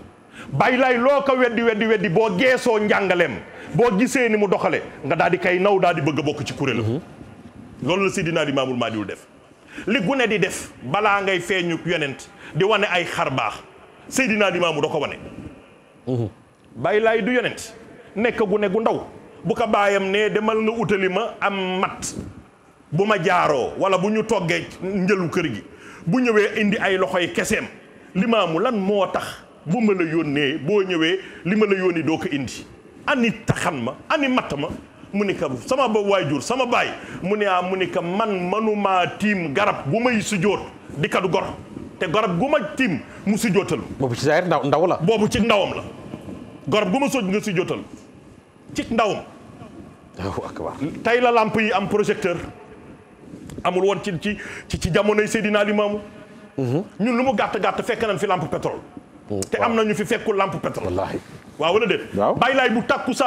bay lay loo ko weddi weddi weddi boo geesoo njàngaleem boo gisee ni mu doxale nga daal di kay naw daal di bëgg a bokk ci kuréel mhm. loolu la Sidina Limaamul Mahdi def li gune di def balaa ngay feeñu yonent di wane ay xar baax Seydina Limaamu da ko wane bay lay du yonent nekk gune gu ndaw bu ko baayam ne demal nga utali ma am matt bu ma jaaroo wala bu ñu toggee njëlu kër gi bu ñëwee indi ay loxoy keseem limaamu lan moo tax bu ma la yónnee boo ñëwee li ma la yónni doo ko indi ani taxan ma ani matt ma mu ni ka sama ba waajur sama baay mu ne ah mu ni ka man manumaa tiim garab gu may sujjóot di kat gor te garab gu ma tiim mu sujjóotal boobu ci ndaw ndaw la boobu ci ndawam la garab gu ma soj nga sujjóotal ci ndawam tey la làmp yi am projecteur amul woon ci ci ci jamono jamonoy Seydina Limaamu mhm. ñun lu mu gàtt gàtt fekk na fi làmp pétrole mhm. te am na ñu fi fekkul làmp pétrole waaw wala déet bàyyi laay bu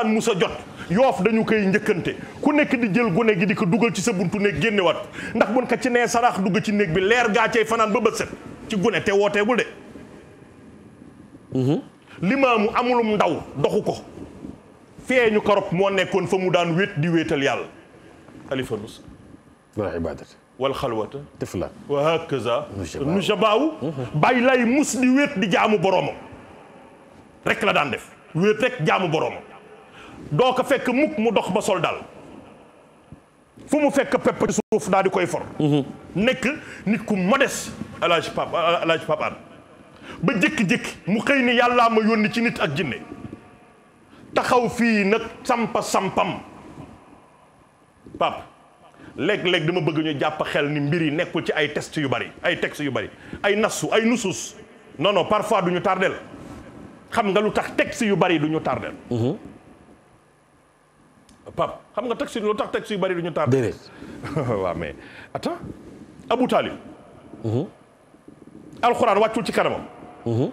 mu sa jot yoof dañu koy njëkkante ku nekk di jël gone gi di ko dugal ci sa buntu néeg génnewaat ndax buñ ko ci nee saraax dugg ci néeg bi leer gaa cay fanaan ba bët set ci gune te wooteegul de mhm. limaamu amulum ndaw doxu ko feeñu korop moo nekkoon fa mu daan wét di wéetal yàlla alifa nus wala ibadati wal xalwata tifla wa hakaza nu jabaaw bàyyi lay mus di wéet di jaamu boroomam rek la daan def wéet rek jaamu boroomam doo ko fekk mukk mu dox ba sol daal fu mu fekk pepp ci suuf daal di koy for mhm. nekk nit ku modeste alaaj pap ba jékki-jékki mu xëy ni yàllaa ma yónni ci nit ak jinne taxaw fii nag sampa sampam pap léeg-léeg dama bëgg ñu jàpp xel ni mbir yi nekkul ci ay test yu bari ay texte yu bari ay nassu ay nusus non parfois du ñu tardel xam nga lu tax texte yu bari du ñu tardel mhm. pap xam nga texte lu tax texte yu bari du ñu tardel waaw mais attends Abu Talib mhm. alxuraan wàccul ci kanamam mhm.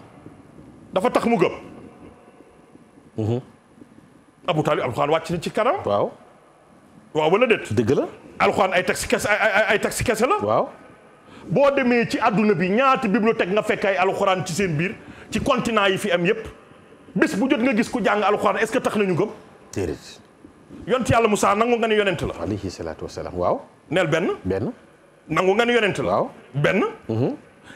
dafa tax mu Abu Talib alxuraan wàcc na ci kanam. waaw waaw wala dëgg la alxuraan ay taxi kese ay ay kese la. waaw boo demee ci àdduna bi ñaati bibliothèque nga fekk ay alxuraan ci seen biir ci continent yi fi am yépp bés bu jot nga gis ku jàng alxuraan est-ce que tax nañu gëm. déedéet. yonent yàlla Moussa nangu nga ne yonent la. alayhi salaatu waaw. benn. benn nangu nga ne yonent la. benn. Mhm.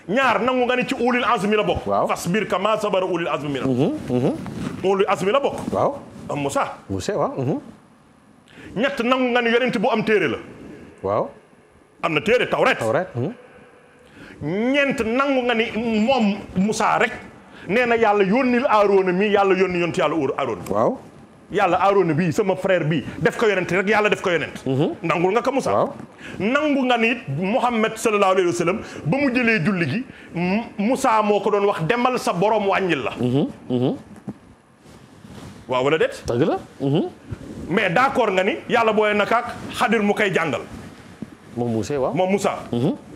ñaar nangu nga ne ci ulil azmi la bokk. waaw fas biir ka maa sabara mhm. Mhm. ulil azmi la. bokk. waaw. am ah, musa Moussa waaw. Mhm. ñett nangu nga ni yonent bu am téere la. waaw. am na téere tawret. tawret. Mhm. ñeent nangu nga ni moom Moussa rek nee na yàlla yónnil Aaroona mii yàlla yónni yonent yàlla Aaroona. waaw. yàlla Aaroona bii sama frère bii def ko yonent rek yàlla def ko yonent mhm. nangul nga ko Moussa. waaw nangu nga ni Muhammad sallallahu alayhi wa sallam ba mu jëlee julli gi Moussa moo ko doon wax demal sa borom wàññil la. waaw wala déet. dëgg la. mais d' accord nga ni yàlla boo booyee nakaak xadir mu koy jàngal. moom Moussa waaw moom Moussa.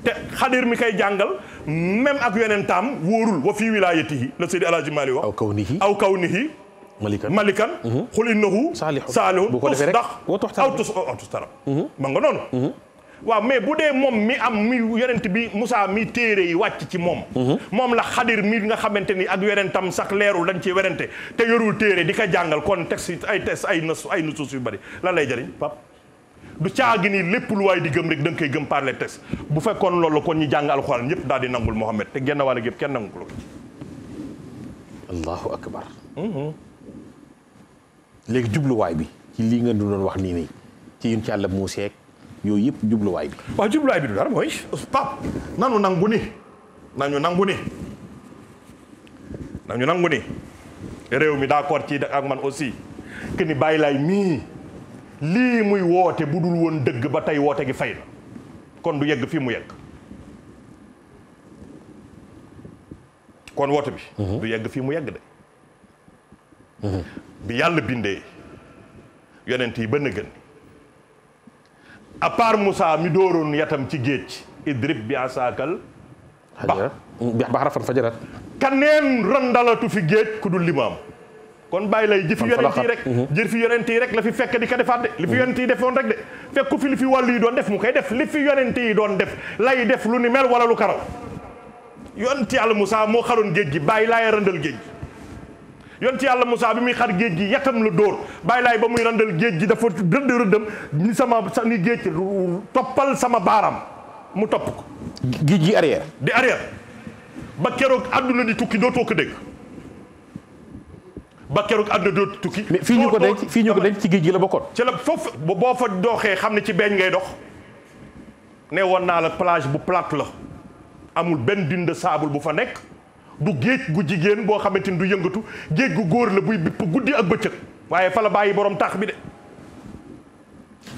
te xadir mi koy jàngal même ak yeneen taam wóorul wa fii wilaayatihi la Seydi Alaaji Maali wax. aw kaw nihi aw kaw nihi. malikan malikan. xul innahu saalihun bu ko defee rek aw ma nga noonu. waaw mais bu dee moom mi am mi yonent bi musaa mi téere yi wàcc ci moom mhm. moom la xadir mi nga xamante ni ak werentam sax leeru lañ ci werente te yorul téere di ka jàngal kon texte ay texte ay nas ay nusuus yu bari lan lay jëriñ pap du caagi ni lépp lu waay di gëm rek da nga koy gëm par les textes bu fekkoon loolu kon ñu jàng alxuraan ñëpp dal di nangul Muhammad te genn wàll gépp kenn nangul ko ci allahu akbar mhm. léegi jubluwaay bi ci lii nga du doon wax nii nii ci yun ci àlla muuseek yooyu yëpp jubluwaay bi. waaw jubluwaay bi du dara mooy Pape nanu nangu ni nañu nangu ni nañu nangu ni réew mi d'accord ci ak man aussi que ni bàyyi mii lii muy woote bu dul woon dëgg ba tey woote gi fay na kon du yegg fii mu yegg kon woote bi. Mhm. du yegg fii mu yegg de. Mhm. bi yàlla bindee yonent yi ba gën à part Moussa mi dooroon yatam ci géej idrib bi asaakal bax baxara fan fajarat kaneen randalatu fi géej ku dul am kon bàyyi lay jëfi yonent yi rek mhm. jër fi yonent yi rek la fi fekk di ko defaat de li fi yonent defoon rek de fekku fi li fi wàllu yi doon def mu koy def li fi yonent yi doon def lay def lu ni mel wala lu karaw yonent yàlla Moussa moo xaroon géej gi bàyyi laay randal géej gi ci yàlla Moussa bi muy xar géej gi yatam la dóor bàyyi laay ba muy randal géej gi dafa rëdd rëddam ni sama ni géej toppal sama baaraam mu topp ko géej gi arrière di arrière ba keroog àdduna di tukki dootoo ko dégg ba keroog àdduna dootu tukki fii ñu ko denc fii ñu ko ci géej gi la bokkoon ci la foofu boo fa dooxee xam ne ci beeñ ngay dox ne woon naa la plage bu plate la amul benn dind saabul bu fa nekk du géej gu jigéen boo xamante ni du yëngatu géej gu góor la buy bipp guddi ak bëccëg waaye fa la bàyyi borom taax bi de.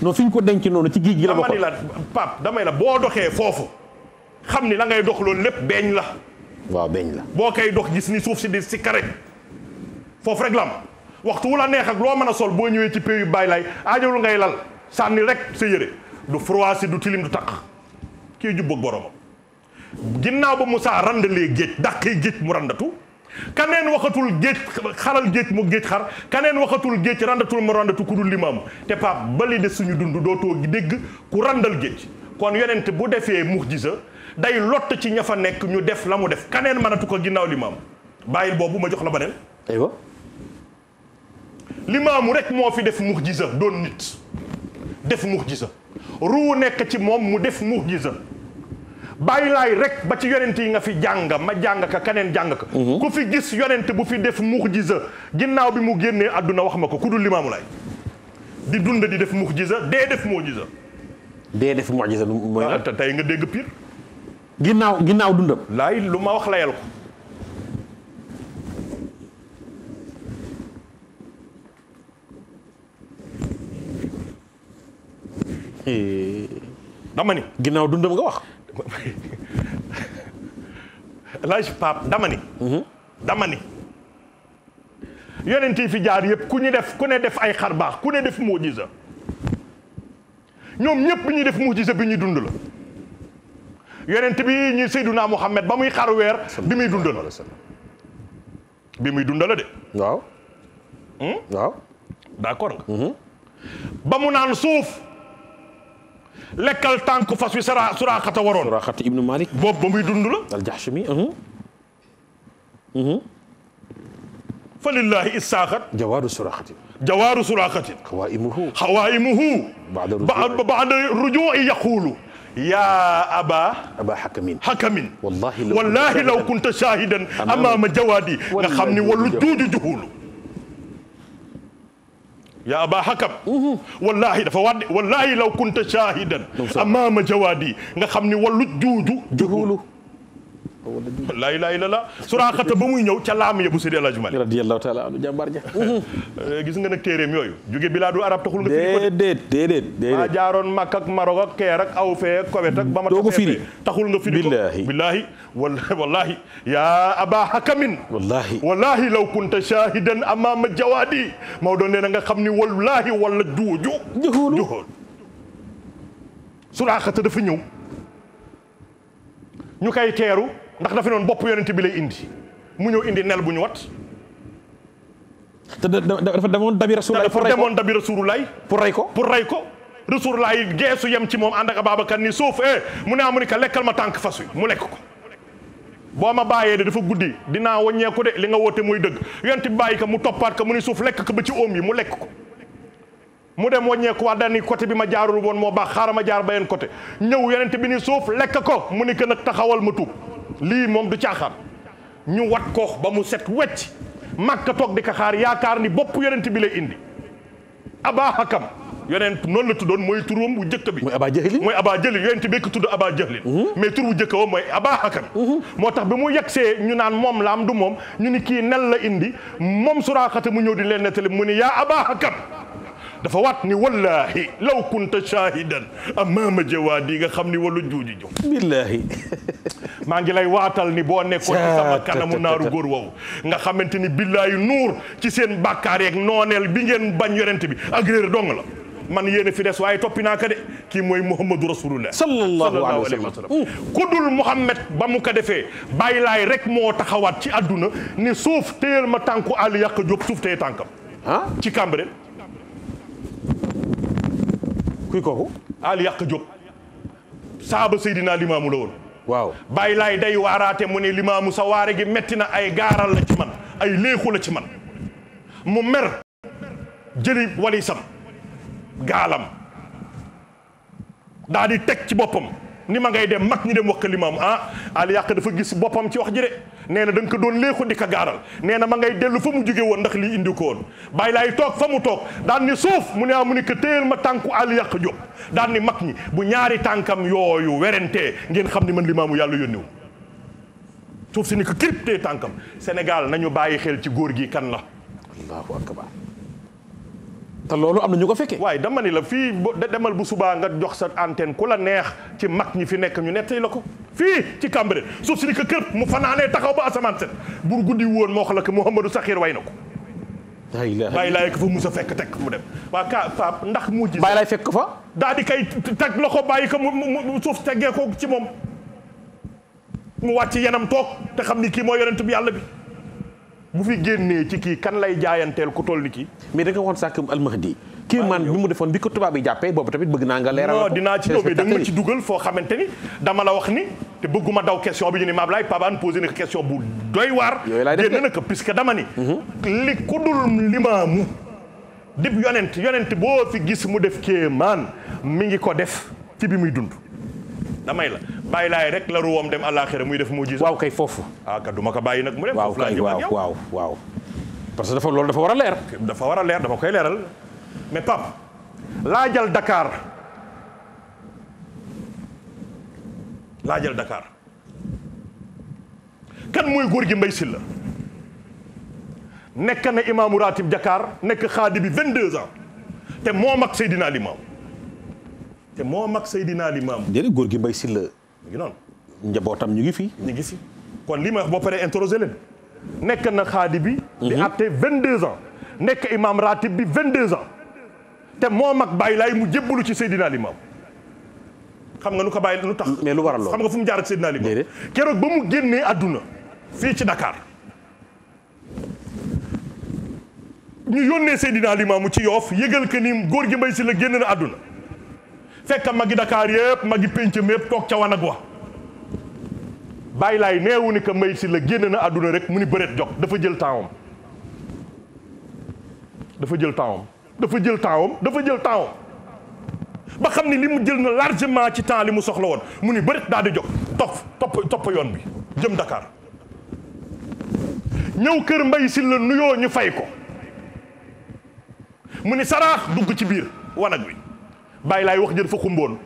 non fi ñu ko denc noonu ci géej gi la bokk la Pape damay la boo doxee foofu xam ni la ngay dox loolu lépp beeñ la. waaw beeñ la boo koy dox gis ni suuf si di si kare foofu rek la am waxtu wu la neex ak loo mën a sol boo ñëwee ci pays yu bàyyi laay aajowul ngay lal sànni rek sa yére du froissé du tilim du taq kii jub ak boromam. ginnaaw ba Moussa randalee géej dàqi géej mu randatu kaneen waxatul géej xaral géej mu géej xar kaneen waxatul géej randatul mu randatu ku dul limaam te Pape bali de suñu dund dootoo dégg ku randal géej kon yonent bu defee muxjisa day lott ci ña fa nekk ñu def la mu def kaneen mënatu ko ginnaaw limaam bàyyil boobu ma jox la beneen aywa limaamu rek moo fi def muxjisa doon nit def muxjisa ruu nekk ci moom mu def muxjisa bàyyi laay rek ba ci yonent yi nga fi jàng ma jàng ka keneen jàng ka mhm. ku fi gis yonent bu fi def muxjiza ginnaaw bi mu génnee àdduna wax ma ko ku dul limaamu laay di dund di def muxjiza dee def muxjiza dee def muxjiza mooy ah, tey nga dégg pire ginnaaw ginnaaw dundam laay lu ma wax layal ko eh. dama ni ginnaaw dundam nga wax laj Pape dama ni. Mhm. dama fi jaar yëpp ku ñu def ku ne def ay xar baax ku ne def mujisa ñoom ñëpp ñuy def mujisa bi ñuy dund la yonent bi ñu Seydunaa Muhammad ba muy xar weer bi muy dund la bi muy dund la de. waaw. Hmm? waaw. d'accord nga. Mhm. ba mu naan suuf. lekkal tànku fas wi sara suraaxata waroon. suraaxata ibnu Malik. boobu ba muy dund la. al-Jaxshami. Mhm. Mhm. fa lillahi issaaxat. jawaaru suraaxati. jawaaru suraaxati. xawaa'imuhu. xawaa'imuhu. ba'da rujuu'i yaquulu. yaa Aba. Aba Hakamin. Hakamin. wallaahi law kunta shaahidan. amaama jawaadi nga xam ni wàllu juuju juhuulu yaa aba hakam wallahi dafa wadde wallahi law kunta shahidan amama jawaadi nga xam ni wallu juuju juhulu laa ilaaha illallaah suraaxata ba muy ñëw ca am ya bu Seydi El Hadji Malick radiyallaahu taala ja eh, gis nga nag téeréem yooyu jóge bilaadu arab taxul nga firi ko déedéet déedéet déedéet maa jaaroon Makk ak aw ak Keer ak ko taxul nga firi ko billaahi wallaahi yaa aba hakamin wallaahi wallaahi law kunta shaahidan amaama jawaadi Maodo nee na nga xam ni wallaahi wala juuju juhóol suraaxata dafa ñëw ñu koy teeru ndax dafa noonu bopp yonent bi lay indi mu ñëw indi nel bu ñu wat. te dafa demoon dabi rasulullah pour demoon dabi rasulullah pour rey ko pour rey ko. rasulullah geesu yem ci moom ànd ak Ababacar ni suuf eh mu ne amu ni ka lekkal ma tànk fas wi mu lekk ko. boo ma bàyyee de dafa guddi dinaa wàññeeku de li nga woote muy dëgg yonent bi bàyyi ko mu toppaat ko mu ni suuf lekk ko ba ci oom yi mu lekk ko. mu dem wàññeeku wax daal ni côté bi ma jaarul woon moo baax xaaral ma jaar beneen côté ñëw bi ni suuf lekk ko mu ni que nag taxawal ma tuub. lii moom du caaxam ñu wat ko ba mu set wecc màkka toog di ko xaar yaakaar ni bopp yonent bi lay indi abaa hakam yonent noonu la tuddoon mooy turam bu njëkk bi. mooy abaa jëhlin mooy abaa jëhlin yonent bi tudd abaa jëhlin mhm. mais tur njëkk woo mooy abaa hakam mhm. moo tax ba mu yegsee ñu naan moom la am du moom ñu ni kii nel la indi moom suraaxata mu ñëw di leen nettali mu ni yaa abaa hakam dafa waat ni wallahi law kunta shahidan amama jawaadi nga xam ni wallu juuju ju billahi maa ngi lay waatal ni boo nekkoon ci sama kanamu naaru góor woowu nga xamante ni billaahi nuur ci seen bàkkaar yeeg nooneel bi ngeen bañ yorent bi ak réer dong la man yéen a fi des waaye toppi naa ko de kii mooy Muhammadu Rasulullah sallallahu alayhi wa sallam ku dul Muhammad ba mu ko defee bàyyi laay rek moo taxawaat ci àdduna ni suuf téyel ma tànku àll yàq jóg suuf téye tànkam ah ci Cambérène kuy kooku al yàq jóg saaba Seydina Limaamu la woon waaw bàyyi laay day waaraate mu ne limaamu sa waare gi metti na ay gaaral la ci man ay léexu la ci man mu mer jëli walisam gaalam daa di teg ci boppam ni ma ngay dem mag ñu dem wax ko limaamu ah al dafa gis boppam ci wax ji de nee na da ko doon léexu di ko gaaral nee na ma ngay dellu fa mu jóge woon ndax lii indi ko woon bàyyi laay toog fa mu toog daan ni soof mu ne ah mu ne ko téyel ma tànku àll yàq jóg daan ni mag ñi bu ñaari tànkam yooyu werante ngeen xam ni man limaamu yàlla yónniwu suuf si ni ko kirib téye tànkam Sénégal nañu bàyyi xel ci góor gi kan la te loolu am na ñu ko fekkee. waaye dama ni la fii da demal bu subaa nga jox sa antenne ku la neex ci mag ñi fi nekk ñu nettali la ko fii ci Cambérène suuf si ni ko kër mu fanaanee taxaw ba asamaan set bu guddi woon moo xalak Mouhamadou way na ko. bàyyi laay ko fa Moussa fekk teg mu dem waa ka Pape ndax mu ji lay fekk ko fa daa di kay teg loxo bàyyi ko mu suuf teggee ko ci moom mu wàcc yenam toog te xam ni kii moo yonent bi yàlla bi bu fi génnee ci kii kan lay jaayanteel ku toll ni kii. mais da nga waxoon sàkk di kéemaan bi mu defoon bi ko tubaab yi jàppee boobu tamit bëgg naa nga leeral non dinaa ci nga ma ci dugal foo xamante ni dama la wax ni te bëgguma daw question bi ñu ne ma Ablaye Pabane posé na question bu doy waar génn ne ko puisque dama ni mhm. li ku dul limaamu dib yonent yonent boo fi gis mu def kéemaan mi ngi ko def ci bi muy dund damay la bàyyi laay rek la ruwam dem àllaaxira muy def mujjiza waaw kay foofu ah ka duma ko bàyyi nag mu dem foofu laa jëm ak waaw waaw parce que dafa loolu dafa war a leer dafa war a leer koy leeral mais Pape laajal dakaar laajal Dakar kan mooy góor gi Mbay la nekk na imaamu ratib Dakar nekk xaadi bi 22 ans te moom ak Seydina Limaamu te moo mag Seydina Limaamu. déedéet góor gi Mbaye Sylla. mu njabootam ñu ngi fii ñu ngi fi kon li ma wax ba pare interroger nekk na xaadi bi. di àtte mhm. 22 ans. nekk imam ratib bi 22 ans. te moo mag bàyyi laay mu jébbalu ci Seydina Limaamu. xam nga nu ko bàyyi lu tax. mais lu waral loolu xam nga fu mu jaar ak Seydina Limaamu. déedéet keroog ba mu génnee àdduna. fii ci dakaar ñu yónnee Seydina Limaamu ci yoof yëgal que ni góor gi Mbaye Sylla génn na àdduna. fekk magi Dakar yëpp magi pénc mi yëpp toog ca wanag wa bàyyi laay neewu ni mbay si Sylla génn na àdduna rek mu ni bëreet jog dafa jël temps dafa jël temps dafa jël temps dafa jël temps ba xam ni li mu jël na largement ci temps li mu soxla woon mu ni bëreet daal di jog topp topp topp yoon bi jëm Dakar ñëw kër Mbaye Sylla nuyoo ñu fay ko mu ni saraax dugg ci biir wanag wi bàyyi laay wax jël fa xumboon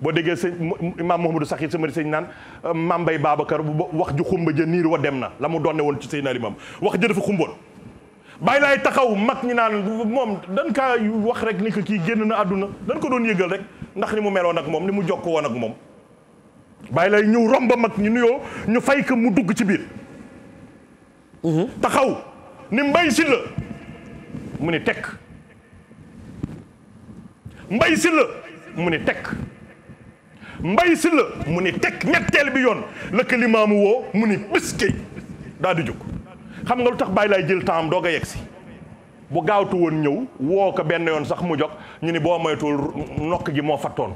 boo déggee sëñ imaam Mouhamadou Sakhir Samari sëñ naan euh, maam Bay Babacar wax ju xumba ja niir wa dem na la mu donne woon ci sëñ alimam wax ja fa xumboon bàyyi laay taxaw mag ñi naan moom dañ kaa wax rek ni ko kii génn na àdduna dañ ko doon yégal rek ndax ni mu meloon ak moom ni mu jokk woon ak moom bàyyi laay ñëw romba mag ñu nuyoo ñu fay ko mu dugg ci biir mhm. taxaw ni mbay si la mu ni tekk mbay si la mu ni tekk mbay si la mu ni tekk ñetteel bi yoon la ko limaamu woo mu ni biskey daal di jóg xam nga lu tax bàyyi laay jël temps am doog a yegg si bu gaawtu woon ñëw woo ko benn yoon sax mu jog ñu ni boo moytuwul nokk gi moo fattoon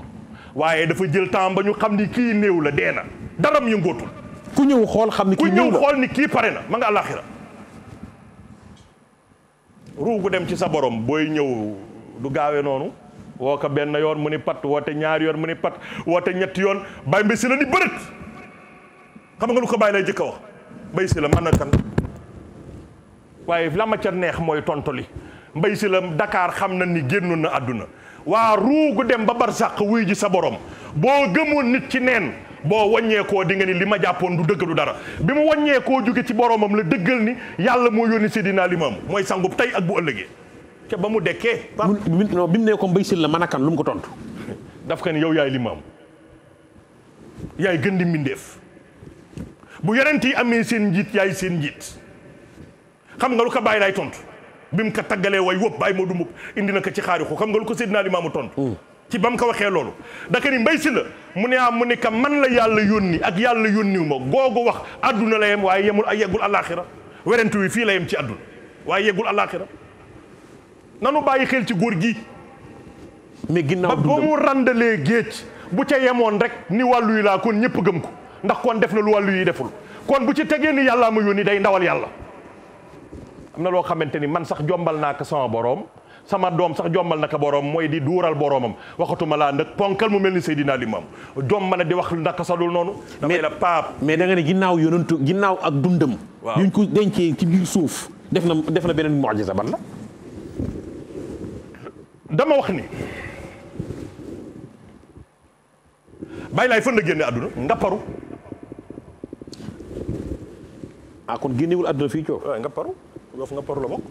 waaye dafa jël temps ba ñu xam ni kii néew la dee na daram yëngootul ku ñëw xool xam ni ku ñëw xool ni kii pare na ma nga àllaaxira ruu gu dem ci sa borom booy ñëw du gaawe noonu woo ko benn yoon mu ni pat woote ñaari yoon mu ni pat woote ñetti yoon bay mbay si la ni bërët xam nga du ko bàyyi lay jëkk a wax mbay si la man na kan waaye la ca neex mooy tontoli mbay si la Dakar xam na ni génnoon na àdduna waa ruugu dem ba barsàq wuy ji sa borom boo gëmoon nit ci neen boo wàññeekoo di nga ni li ma jàppoon du dëgg du dara bi mu wàññeekoo jóge ci boromam la dëggal ni yàlla moo yónni Seydina Limaamu mooy sangub tey ak bu ëllëgee ca ba mu dekkee. non bi mu ne ko Mbaye Sylla man akan lu mu ko tontu. daf ko ne yow yaay limaam yaay gën di mbindeef bu yonent yi amee seen njiit yaay seen njiit xam nga lu ko bàyyi lay tontu bi mu ko taggalee way wóob bàyyi moo dumb indi na ko ci xaari ko xam nga lu ko Seydina Limaamu tontu. Hmm. ci ba mu ko waxee loolu daka ni Mbaye la mu ne ah mu ne ka man la yàlla yónni ak yàlla yónniwu ma googu wax adduna la yem waaye yemul ay yeggul àllaaxira werante wi fii la yem ci adduna waaye yeggul nanu bàyyi xel ci góor gi. mais ginnaaw ba mu randalee géej bu ca yemoon rek ni wàllu yi laa kon ñëpp gëm ko ndax kon def na lu wàllu yi deful kon bu ci tegee ni yàllaa ma yónni day ndawal yàlla. na loo xamante ni man sax jombal naa ko sama boroom sama doom sax jombal na ko boroom mooy di duural boroomam waxatuma laa ndëkk ponkal mu mel ni Seydina Limam jomba na di wax naka sadul noonu. damay la paap ginnaaw yonantu ginnaaw ak dundam. waaw ñu ko dencee ci biir suuf. def na def na beneen mu'jiza ban la. dama wax ni bàyyi laay fan génne àdduna nga paru ah kon génnewul àdduna fii coow nga paru la bokk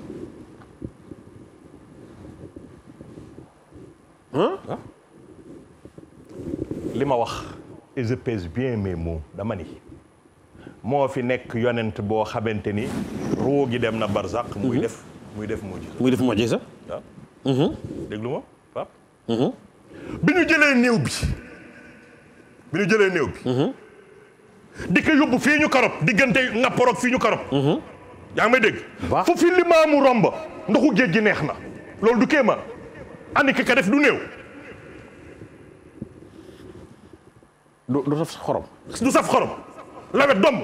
ah. li ma wax et je pèse bien mes mots dama ni moo fi nekk yonent boo xamante ni ruu gi dem na barzak muy mhm. def muy def moo muy def mujj Mm-hmm. déglu ma mm-hmm. bi ñu jëlee néew bi bi ñu jëlee néew bi. Mm-hmm. di ko yóbbu fii ñu karop diggante Ngaparok fii ñu karop. yaa may dégg. fu fi limaamu romb ndoxu géej gi neex na loolu du kéema andi ki ka def du néew. du du saf xorom. du saf xorom lawet domb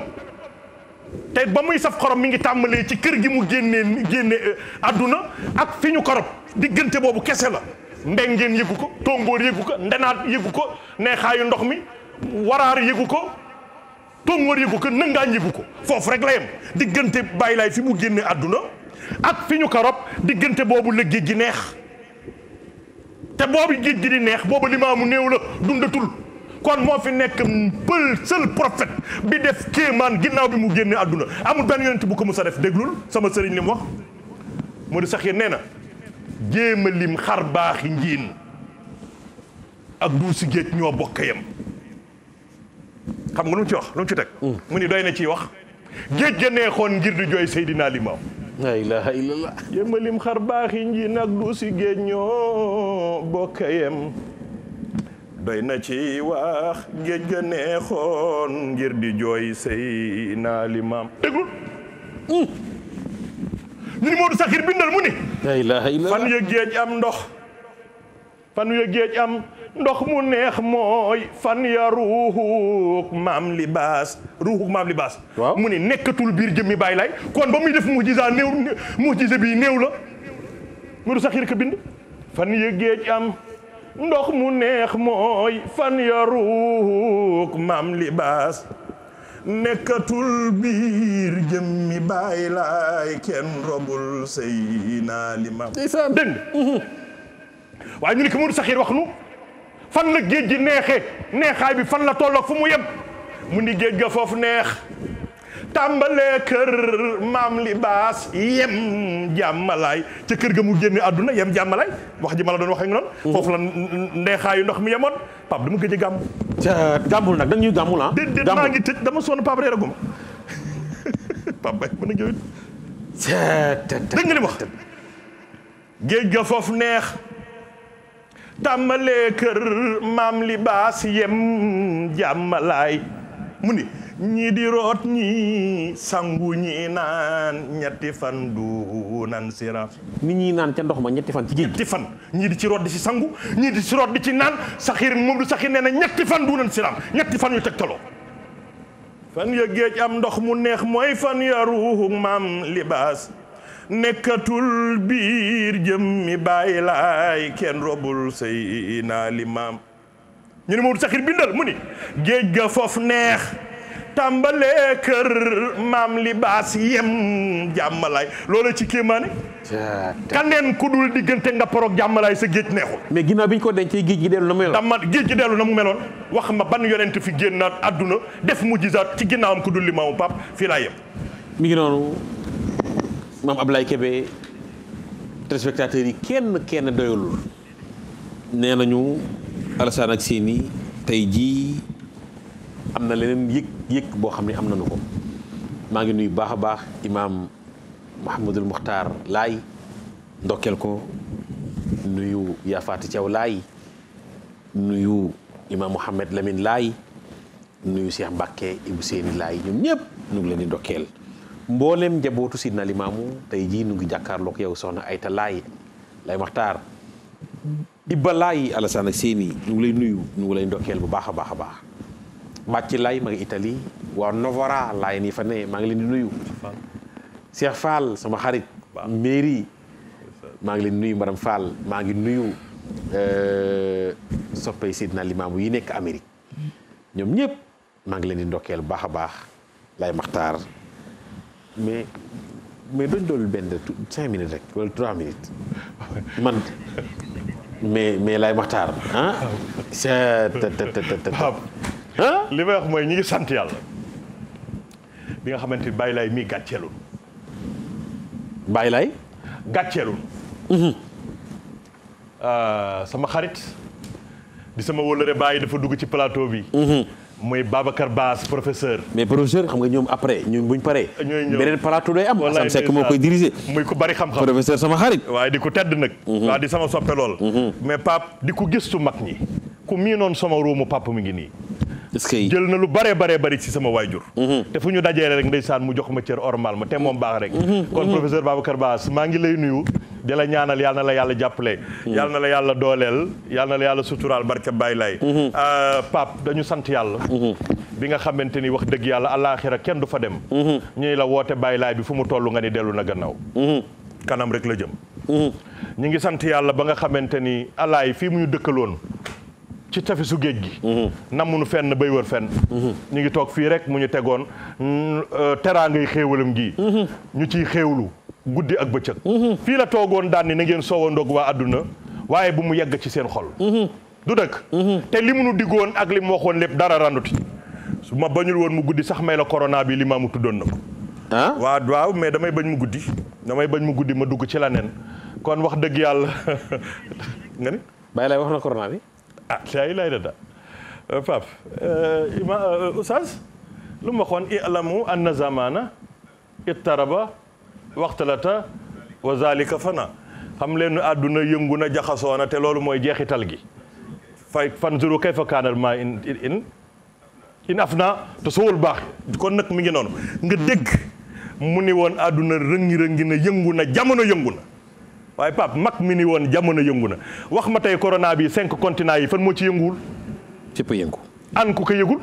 te ba muy saf xorom mi ngi tàmbalee ci kër gi mu génnee génne euh, àdduna ak fi ñu karop. diggante boobu kese la ndengeen yëgu ko tóngoor yëgu ko ndenaat yëgu ko neexaayu ndox mi waraar yëgu ko tóngoor yëgu ko nëngaan yëgu ko foofu rek la yem diggante bàyyi laay fi mu génne àdduna ak fi ñu ko diggante boobu la géej gi neex te boobu géej gi di neex boobu limaamu néew la dundatul kon moo fi nekk pël seul prophète bi def kéemaan ginnaaw bi mu génne àdduna amul benn yonent bu ko mës a def déglul sama sëriñ li wax moo di sax yéen nee na jéem a xar baaxi njiin ak duusi géej ñoo bokk xam nga lu mu ci wax lu mu ci teg mu ni doy na ciy wax géej ga neexoon ngir di jooy Seydina Limaamu la ilaha illallah jéem a lim xar baaxi njiin ak duusi géej ñoo bokk hmm. doy na ci wax géej ga neexoon ngir di jooy Seydina Limaamu déglul hmm. ñu ni Modou Sakhir bindal mu ni fan ya géej am ndox fan ya géej am ndox mu neex mooy fan ya ruuxuk maam li baas ruuxuk maam li baas mu ni nekkatul biir jëmmi bàyyi lay kon ba muy def mujisa néew mujisa bi néew la Modou Sakhir ka bind fan ya géej am ndox mu neex mooy fan ya ruuxuk maam li nekkatul biir jëmmi bàyyi laay kenn robul sëy naa li ma dégg mhm. waaye ñu ni ki Modou Saxiir wax nu fan la géej gi neexe neexaay bi fan la tolloog fu mu yem mu ni géej ga foofu neex tàmbalee kër maam libaas yem jàmmalaay ca kër ga mu génne àdduna yem jàmmalaay wax ji ma la doon waxee noonu. foofu la ndeexaayu ndox mi yemoon Pape dama gëj a gàmm. ca gàmmul nag dañuy gàmmul ah. déedéet dama sonn Pape reer aguma Pape bay mën a jëwit. dégg nga li wax. géej ga foofu neex. tàmbalee kër maam libaas yem jàmmalaay. mu ni ñii di root ñi sangu ñi naan ñetti fan du nan sira ni ñi naan ca ndox ma ñetti fan ci géej ñetti fan ñii di ci root di ci sangu ñii di ci root di ci naan saxiir moom du saxiir nee na ñetti fan du siraam ñetti fan yu tegtaloo fan ya am ndox mu neex mooy fan ya ruuxu maam libaas nekkatul biir jëmmi bàyyi laay kenn robul say naa limaam ñu ne Maodo Saxir bindal mu ni géej ga foofu neex tàmbalee kër maam li baas yem jàmmalaay loolu ci kéemaane kaneen ku dul diggante nga poroog jàmmalaay sa géej neexul mais ginnaaw bi ñu ko dencee géej gi dellu na mu meloon dama géej gi dellu na mu meloon wax ma ban yonent fi génnaat àdduna def mujjizaat ci ginnaawam ku dul li maamu pap fii laa yem mi ngi noonu maam Ablaye Kébé téléspectateurs yi kenn kenn doyalul nee nañu Alassane ak Séni tey jii am na leneen yëg yëg boo xam ne am nañu ko maa ngi nuyu baax a baax imaam Mouhamadul Muxtaar laay ndokkeel ko nuyu Yafaati Thiaw laay nuyu imaam Mouhamed Lamine laay nuyu Cheikh Mbacke Ibou Séni laay ñun ñëpp ñu ngi leen di ndokkeel mboolem njabootu Sidna Limaamu tey jii ñu ngi jàkkaarloog yow soxna Ayta laay lay Muxtaar Ibba Laay Alassane seeni ñu ngi lay nuyu ñu ngi lay ndokkeel bu baax a baax a baax Bàcci lay ma ngi Italie waa Novara Laay nii fa ne maa ngi leen di nuyu. Cheikh Fall sama xarit. mairie maa ngi leen nuyu madame Fall maa ngi nuyu euh, soppay Seydina Limaamu yi nekk Amérique ñoom ñëpp maa ngi leen di ndokkeel bu baax a baax lay maxtaar mais mais doñ dool benn cinq minutes rek wala trois minutes man. mais mais lay maxtaar ah. li may wax mooy ñi ngi sant yàlla. bi nga xamante ni lay Laye mii gàcceelul. Baye Laye. gàcceelul. Mhm. Euh, sama xarit. di sama wóllare Baye dafa dugg ci plateau bi. Mhm. muy Babacar Bass professeur. mais professeur xam nga ñoom après ñun buñ paree. ñooy ñëw beneen plateau day am. Assane Seck moo koy diriger. muy ku bari xam-xam professeur sama xarit. waaye di ko tedd nag. Mhm. waaw di sama soppe lool. Mhm. mais Pape di ko gistu mag ñi. ku miinoon sama ruumu Pape mi ngi nii. est que jël na lu bare bare bari ci sama waajur. Mhm. te fu ñu dajee rek ndeysaan mu jox ma cër ormal ma te moom baax rek. kon professeur Babacar Bass maa ngi lay nuyu. di la ñaanal yal na la yàlla jàppale. Mm-hmm. yal na la yàlla dooleel yal na la yàlla suturaal barke Baye Laye. Mm-hmm. Euh, Pape dañu sant yàlla. Mm-hmm. bi nga xamante ni wax dëgg yàlla alaaxira kenn du fa dem. ñuy la woote Baye Laye bi fu mu toll nga ni dellu na gannaaw. kanam rek la jëm. ñu ngi sant yàlla ba nga xamante ni alaay fii mu ñu dëkkaloon. ci tefesu géej gi namunu fenn bay wër fenn ñu ngi toog fii rek mu ñu tegoon mm, euh, teraangay xéewalam gi ñu ciy xéewlu guddi ak bëccëg mhm. fii la toogoon daan ni na ngeen soow andoog waa àdduna waaye bu mu yegg ci seen xol mhm. du dëkk mhm. te li mu nu diggoon ak li mu waxoon lépp dara randuti su ma bañul woon mu guddi sax may la corona bi li maamu tuddoon na ko ah waaw mais damay bañ mu guddi damay bañ mu guddi ma dugg ci la neen kon wax dëgg yàlla nga ni bàyyi lay wax na corona bi ah saa lay da da Pape euh, ima euh, Oustaz lu mu waxoon i alamu anna zamana ittaraba waxtalata wa zalika fana xam leen àdduna yëngu na jaxasoo na te loolu mooy jeexital gi fay fan zuru kayfa kaanal maa in in in te sowul baax kon nag mi ngi noonu nga dégg mu ni woon àdduna rëngi rëngi na yëngu na jamono yëngu waaye pap mag mi ni woon jamono yëngu na wax ma tey corona bi cinq continents yi fan moo ci yënguwul cëpp yëngu an ku ko yëgul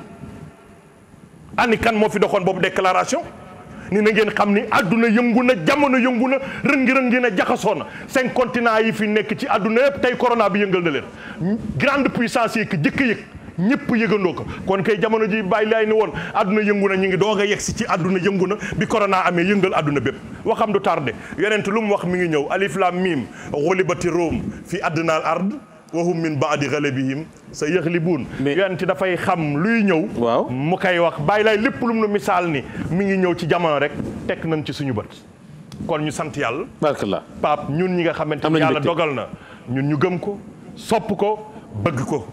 ani kan moo fi doxoon boobu déclaration ni na ngeen xam ni àdduna yëngu na jamono yëngu na rëngi-rëngi na jaxasoo na cinq continents yi fi nekk ci àdduna yëpp tey corona bi yëngal na leen grande puissance yi ki jëkk yëg ñëpp yëgandoo ko kon kay jamono ji bàyyi laay ni woon àdduna yëngu na ñu ngi doog a yegg si ci àdduna yëngu na bi corona amee yëngal àdduna bépp waxam du tardé yonent lu mu wax mi ngi ñëw alif lam mim xulibati room fi adnal ard ba wahum min bi galabihim sa yaxlibuun yonent dafay xam luy ñëw waaw mu kay wax bàyyi lay lépp lum mu nu misaal ni mi ngi ñëw ci jamono rek teg nañ ci suñu bët kon ñu sant yàlla barkallah Pape ñun ñi nga xamante ni yàlla dogal na ñun ñu gëm ko sopp ko bëgg ko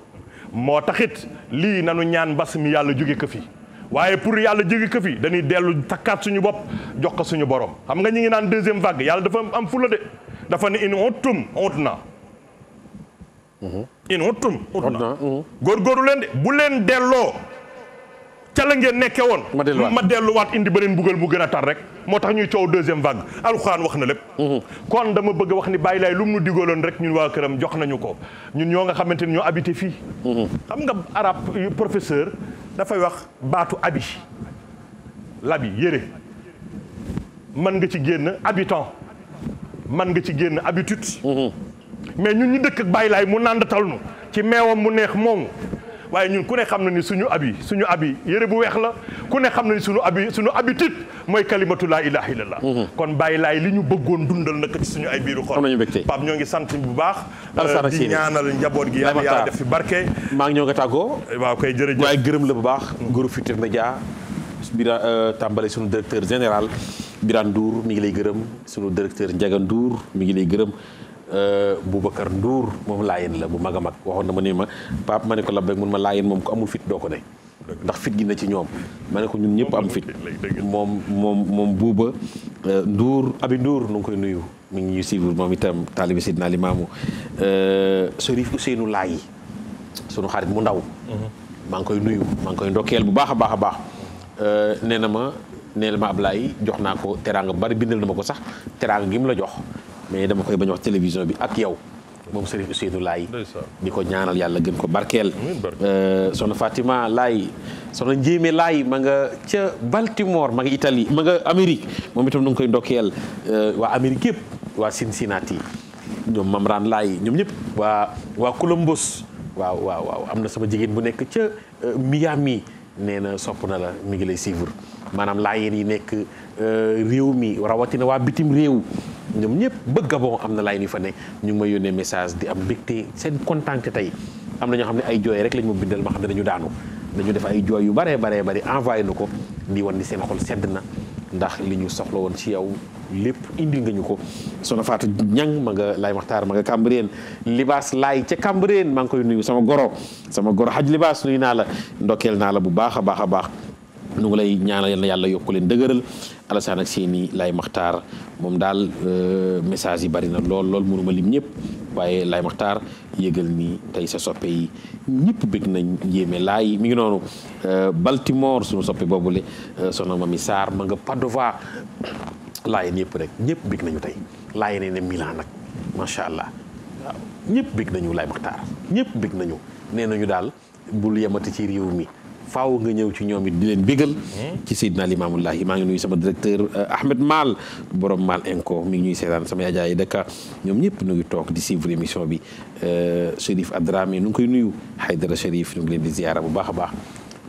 moo taxit lii nanu ñaan mbas mi yàlla jóge ko fi waaye pour yàlla jóge ko fi dañuy dellu takkaat suñu bopp jox ko suñu borom xam nga ñu ngi naan deuxième vague yàlla dafa am fulla de dafa ne in uttum ut na in uttum utna mhm. góorgóorlu leen de bu leen delloo ca la ngeen nekke woon ma delluwaat indi beneen mbugal mu gën a tar rek moo tax ñuy coow deuxième vague alxuraan wax na lépp mhm. kon dama bëgg wax ni bàyyi laay lu mu nu digaloon rek ñun waa këram jox nañu ko ñun ñoo nga xamante ni ñoo habité fii mhm. xam nga arab professeur dafay wax baatu abi labi yére mën nga ci génn habitant mën nga ci génn habitude mais ñun ñu dëkk ak Baye Laay mu nàndatal nu ci meewam mu neex moom waaye ñun ku ne xam na ni suñu abi suñu abi yëre bu weex la ku ne xam na ni suñu abi suñu habitude mooy kalimatu laa la illallah mm-hmm. kon Baye Laay li ñu bëggoon dundal nag ci suñu ay biiru xol Pape ñoo ngi sant bu baax euh, di ñaanal njaboot gi yàlla yàlla def fi barke maa ngi ñoo nga tàggoo waaw koy jërëjëf ay gërëm la bu baax mm-hmm. groupe Futurs Médias bira euh, tàmbale suñu directeur général Birane Ndour mi ngi lay gërëm suñu directeur Ndiaga Ndour mi ngi lay gërëm Euh, Boubacar Ndour moom laayen la bu mag a mag waxoon na ma ni ma Pape ma ne ko labbeeg mun ma laayen moom ko amul fit doo ko ne ndax fit gi na ci ñoom ma ne ko ñun ñëpp am fit moom moom moom Bouba euh, Ndour Abi Ndour nu ngi koy nuyu mi ngi ñuy moom itam taalibi Sidna Limaamu Serif euh, Ousseynou Laay sunu xarit mu ndaw maa ngi koy nuyu maa ngi koy ndokkeel bu baax a baax a baax nee na ma nee na ma Ablaye jox naa ko teraanga bu bari bindal na ma ko sax teraanga gi mu la jox mais dama koy bañ wax télévision bi ak yow moom Serigne Ousseynou Laye di ko ñaanal yàlla gën ko barkeel euh, soxna Fatima laay soxna Njéeme Laye ma nga ca Baltimore ma nga Italie ma nga Amérique moom itam nu ngi koy ndokkeel euh, waa Amérique yëpp waa Cincinnati ñoom Mamran Laye ñoom ñëpp waa waa Columbus waaw waaw am na sama jigéen bu nekk ca euh, Miami nee na sopp na la mi ngi lay suivre maanaam laayeen yi nekk Euh, réew mi rawatina waa bitim réew ñoom ñëpp bëgg Gabon am na laay ni fa ne ñu ngi may yónnee message di am mbégte seen kontaante tey am na ñoo xam ne ay jooy rek lañ ma bindal ma xam ne dañu daanu dañu def ay jooy yu baree baree bari envoyé na ko di wan ni seen xol sedd na ndax li ñu soxla woon ci yow lépp indi nga ko soxna Fatou Ñang ma nga lay waxtaar ma nga Cambérène libaas laay ca Cambérène maa ngi koy nuyu sama goro sama goro xaj libaas nuyu naa la ndokkeel naa la bu baax a baax a baax nu ngi lay ñaanal yàlla yokku leen dëgëral Alassane ak seeni Lay Maxtaar moom daal euh, message yi bari na lool lool mënuma lim ñëpp waaye Lay Maxtaar yëgal ni tey sa soppe yi ñëpp bégg nañ yéeme laay mi ngi noonu euh, Baltimore suñu soppee boobule euh, soxna Mami Sarr ma nga Padova laay ñëpp rek ñëpp bëgg nañu tey laay ne ne Milan nag macha allah waaw ñëpp bëgg nañu Lay Maxtaar ñëpp bëgg nañu nee nañu daal bul yemati ci réew mi faaw nga ñëw ci ñoom it di leen bégal hmm? ci Seydina Limaamu Laay maa ngi nuyu sama directeur euh, Ahmed Mal borom Mal Inco mi ngi ñuy seetaan sama yaay yi dëkka ñoom ñëpp ñu ngi toog di suivre émission bi euh, Chérif Adramé nu ngi koy nuyu Haydara Chérif ñu ngi leen di ziyaara bu baax baax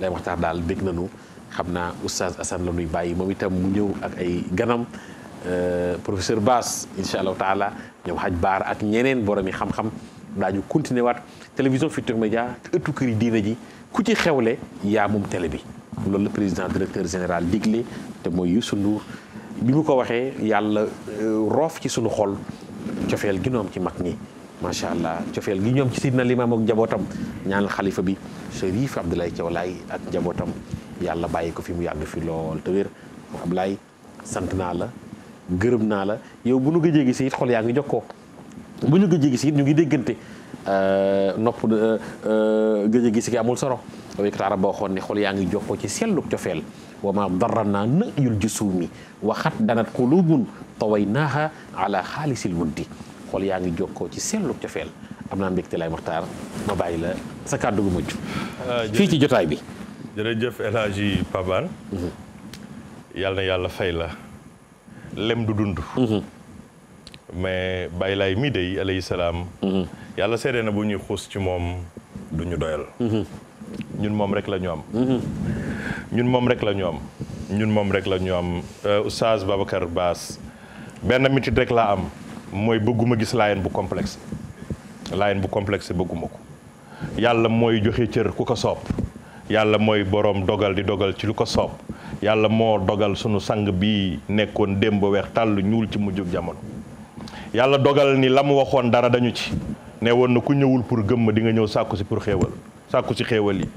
lay waxtaan daal na nañu xam naa oustaz Assane la nuy bàyyi moom itam mu ñëw ak ay ganam euh, professeur Bass incha allahu taala ñoom xaj baar ak ñeneen borom yi xam-xam daañu continuer waat télévision Futurs Médias ëttu këri diina ji ku ci xewle yaa moom télé bi loolu la président directeur général digle te mooy Youssou Ndour bi mu ko waxee yàlla euh, roof ci sunu xol cofeel gi noom ci mag ñi macha allah cofeel gi ñoom ci Sidna Limaam ak njabootam ñaan xalifa bi Chérif Abdoulaye Thiaw Laye ak njabootam yàlla bàyyi ko fi mu yàgg fi lool te wér Abdoulaye sant naa la gërëm naa la yow bu ñu gëjee gis it xol yaa ngi ko bu ñu gëjee gis it ñu ngi déggante Euh, nopp euh, euh, gëj a gis gi amul soro yëkkati arab boo xoon ne xol yaa ngi jokkoo ci sellug cofeel wa ma darranaa na yul jusuumi waxat danat xuluubun tawaynaaha ala xaalisil wuddi xol yaa ngi jokkoo ci sellug cofeel am naa mbégte lay Maxtaar ma bàyyi la sa kàddu mujj ah, fii ci jotaay bi jërëjëf El mhm. yàlla na yàlla fay la lem du dund mhm. mais Baye mii dey alayhi salaam. Mhm. yàlla seede na bu ñuy xuus ci moom du ñu doyal. Mhm. Mhm. ñun moom rek la ñu am. ñun moom rek la ñu am. ñun moom rek la ñu am Oustaz Babacar Baas benn métit rek laa am mooy bëgguma gis laayeen bu complexe laayeen bu complexe bëgguma ko yàlla mooy joxe cër ku ko soob yàlla mooy boroom dogal di dogal ci lu ko soob yàlla moo dogal sunu sang bi nekkoon démb weex tàll ñuul ci mujjug jamono. yàlla dogal ni la mu waxoon dara dañu ci ne woon na ku ñëwul pour gëmm di nga ñëw sàkku si pour xéewal sàkku si xéewal yi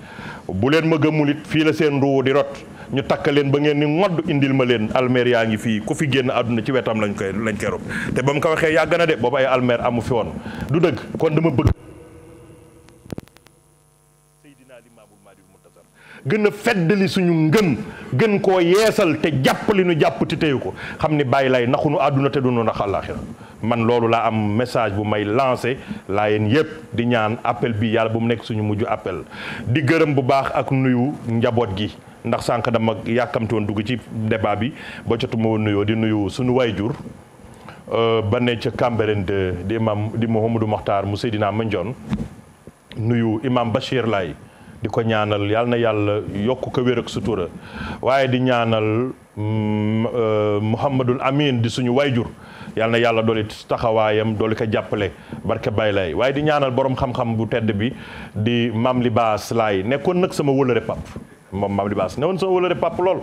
bu leen ma gëmul it fii la seen ruu di rot ñu takk leen ba ngeen ni ngodd indil ma leen almeer yaa ngi fii ku fi génn àdduna ci wetam lañ koy lañ koy rob te ba mu ko waxee yàgg na de boobu ay almeer amu fi woon du dëgg kon dama bëgg gën a feddali suñu ngëm gën koo yeesal te jàppali nu teyu ko xam ni bàyyi lay naxu nu àdduna te du nu nax àllaaxira man loolu laa am message bu may lancé laa yéen yëpp di ñaan appel bi yàlla bu mu nekk suñu mujj appel di gërëm bu baax ak nuyu njaboot gi ndax sànq dama yàkkamti woon dugg ci débat bi ba jotuma woon nuyoo di nuyu suñu waayjur euh, ba ne ca Cambérène di imam di Mouhamadou Mokhtar mu Seydina Mandione nuyu imam Bachir Laye di ko ñaanal yal na yàlla yokk ko wér ak sutura waaye di ñaanal Muhammadul mm, euh, Amin di suñu wayjur yàlla na yàlla dooli taxawaayam dooli ko jàppale barke bay lay waaye di ñaanal boroom xam-xam bu tedd bi di Mame Libaas Laay nekkoon nag sama wëlëre pap moom Mame Libaas newoon sama wëlëre pap lool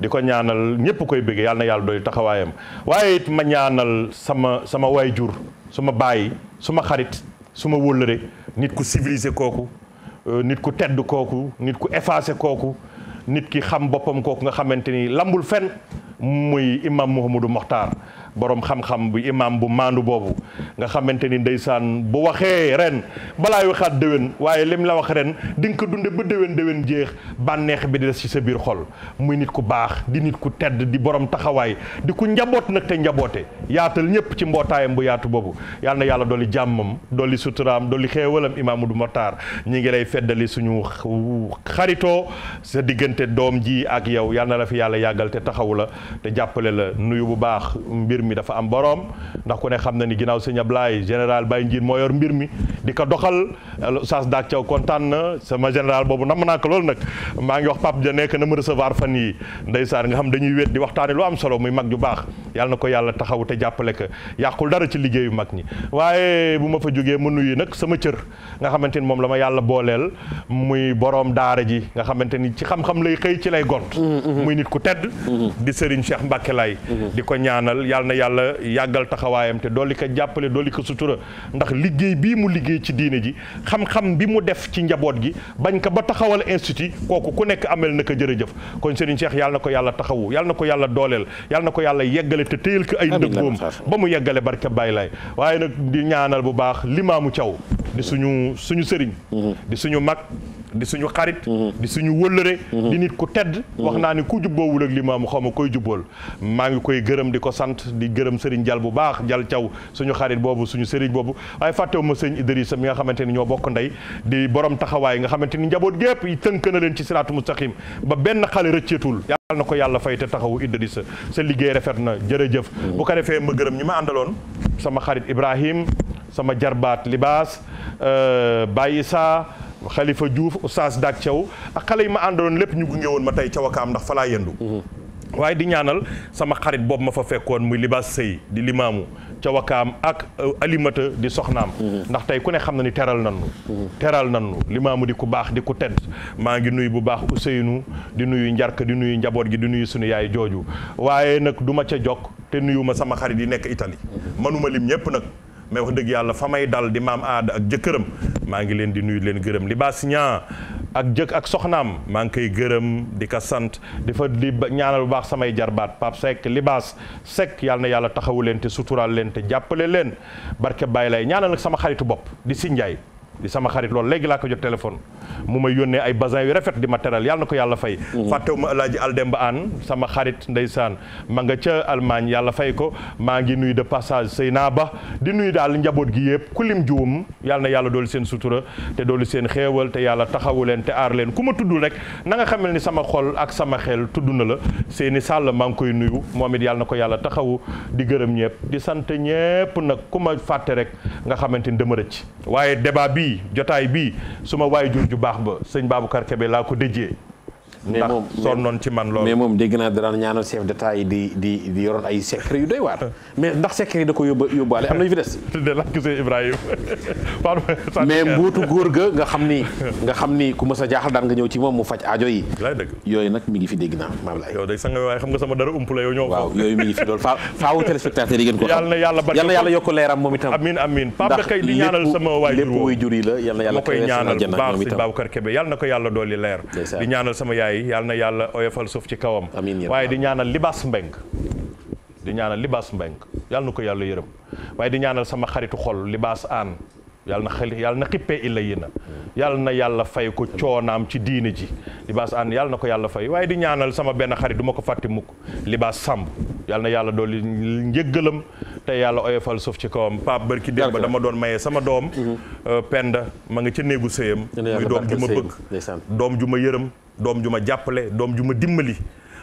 di ko ñaanal ñëpp koy bëggee yal na yàlla dooli taxawaayam waaye it ma ñaanal sama sama wayjur suma baay suma xarit suma wëlëre nit ku civilisé kooku Euh, nit ku tedd kooku nit ku effacé kooku nit ki xam boppam kooku nga xamante ni lambul fen muy imam Mouhamadou Mokhtar borom xam-xam bu imam bu maandu boobu nga xamante ni ndeysaan bu waxee ren balaa yu xaat déwén waaye lim la wax ren di nga ko dunde ba déwén déwén jeex bànneex bi di des ci sa biir xol muy nit ku baax di nit ku tedd di borom taxawaay di ku njaboot nag te njaboote yaatal ñëpp ci mbootaayam bu yaatu boobu yal na yàlla dolli jàmmam dolli suturaam dolli xéewalam imaamu du taar ñi ngi lay feddali suñu xaritoo sa diggante doom ji ak yow yal na la fi yàlla yàggal te la mbir mi dafa am boroom ndax ku ne xam na ni ginnaaw sëñ Ablaye général Baye Ndiir moo mbir mi di ko doxal Oustaz Daak Thiaw kontaan na sama général boobu nam naa ko loolu maa ngi wax Pape ja nekk na ma recevoir fan yi ndeysaan nga xam dañuy wét di waxtaane lu am solo muy mag ju baax yàlla na ko yàlla taxaw te jàppale ko yàqul dara ci liggéeyu mag ñi waaye bu ma fa jógee ma yi nag sama cër nga xamante ni moom la ma yàlla booleel muy boroom daara ji nga xamante ni ci xam-xam lay xëy ci lay gont mm-hmm. muy nit ku tedd mm-hmm. di Serigne Cheikh Mbacke lay mm-hmm. na yàlla yàggal taxawaayam te dolli ko jàppale dolli ko sutura ndax liggéey bii mu liggéey ci diine ji xam-xam bi mu def ci njaboot gi bañ ko ba taxawal institut kooku ku nekk amel na ko jërëjëf kon Serigne Cheikh yàlla ko yàlla taxawu yàlla na ko yàlla dooleel yàlla na ko yàlla yeggale te téyel ko ay ndëggoom ba mu yeggale barke Baay Laay waaye nag di ñaanal bu baax limaamu Thiaw di suñu suñu mm-hmm. di suñu mag di suñu xarit mm-hmm. di suñu wëllëre mm-hmm. di nit ku tedd mm-hmm. wax naa ni ku jubboowul ak limaamu xaw ma koy jubbool maa ngi koy gërëm di ko sant di gërëm sëriñ jal bu baax jal caw suñu xarit boobu suñu sëriñ boobu waaye fàttewuma sëñ Idrissa mi nga xamante ni ñoo bokk ndey di borom taxawaay nga xamante ni njaboot gépp yi tënk na leen ci siraatu mustaqim ba benn xale rëcceetul yàlla na ko yàlla fay te taxawu Idrissa sa liggéey rafet na jërëjëf bu ko defee ma gërëm ñi ma àndaloon sama xarit Ibrahim sama jarbaat libaas euh, Baye Issa xalifa Diouf Oustaz Dak Thiaw ak xale yi ma àndaloon lépp ñu gunge woon ma tey ca Wakaam ndax fa laa yendu mhm. waaye di ñaanal sama xarit boobu ma fa fekkoon muy libaas sëy di limaamu ca wakaam ak euh, alimata di soxnaam mhm. ndax tey ku ne xam na ni teral nannu mhm. teral nannu limaamu di ku baax di ku tedd maa ngi nuyu bu baax Ousseynou di nuyu njarka di nuyu njaboot gi di nuyu suñu yaay jooju waaye nag du ma ca jokk te nuyu ma sama xarit yi nekk Italie manuma lim ñëpp nag mais wax dëgg yàlla fa may dal di maam aada ak jëkkëram maa ngi leen di nuyu leen gërëm li baas ñaa ak jëkk ak soxnaam maa ngi koy gërëm di ko sant di fa di ñaanal bu baax samay jarbaat Pape Seck libaas Seck yàlla na yàlla taxawu leen te suturaal leen te jàppale leen barke bàyyi lay ñaanal nag sama xaritu bopp di si Njaay di sama xarit loolu léegi laa ko jot téléphone mu may yónnee ay basin yu rafet di matériel yàlla na ko yàlla fay mhm. fàttewuma alaaji aldemba aan sama xarit ndeysaan ma nga ca Allemagne yàlla fay ko maa ngi nuyu de passage sëy naa ba di nuyu daal njaboot gi yëpp ku lim juum yàlla na yàlla doolu seen sutura te doolu seen xéewal te yàlla taxawu leen te aar leen ku ma tuddul rek na nga xamal ni sama xol ak sama xel tuddu na la seeni sàll maa ngi koy nuyu moom it yàlla na ko yàlla taxawu di gërëm ñëpp di sant ñëpp nag ku fàtte rek nga xamante ni dama rëcc bii jotaay bii su ma waay jur ju baax ba sëñ Babacar Kebe laa ko déjee ndax sonnoon man loolu mais moom dégg naa daan ñaanal chef d'état yi di yoroon ay secret yu doy waar mais ndax secret yi da ko yóbbaale am na yu fi des mais a jaaxal daan nga ñëw ci moom mu faj aajo yi yooyu nag mi ngi fi dégg naa maam laay yow day sanga waaye xam nga sama dara ump la yow ñoo waaw yooyu mi ngi fi lool faawu téléspectateurs yi ngeen ko yàlla na yàlla yàlla na yàlla yokk leeram moom itam amiin amiin Pape da kay di ñaanal sama waajur lépp la yàlla na yàlla koy ñaanal baax si Babacar Kébé yàlla na ko yàlla dooli leer di ñaanal sama yaay yi yal na yàlla oyofal suuf ci kawam waaye di ñaanal libaas mbeng di ñaanal libaas mbenk yal na ko yàlla yërëm waaye di ñaanal sama xaritu xol libaas aan yàlla na xel yàlla na xippee illa yi na yàlla na yàlla fay ko coonaam ci diine ji libaas ànd yàlla na ko yàlla fay waaye di ñaanal sama benn xarit du ko fàtte mukk libaas sàmb yàlla na yàlla dool njëggalam te yàlla oyofal suuf ci kawam Pape bërki démb ba dama doon maye sama doom mhm. euh, pend ma ngi ca néegu sëyam muy doom ju bëgg doom ju doom ju ma jàppale doom ju ma dimbali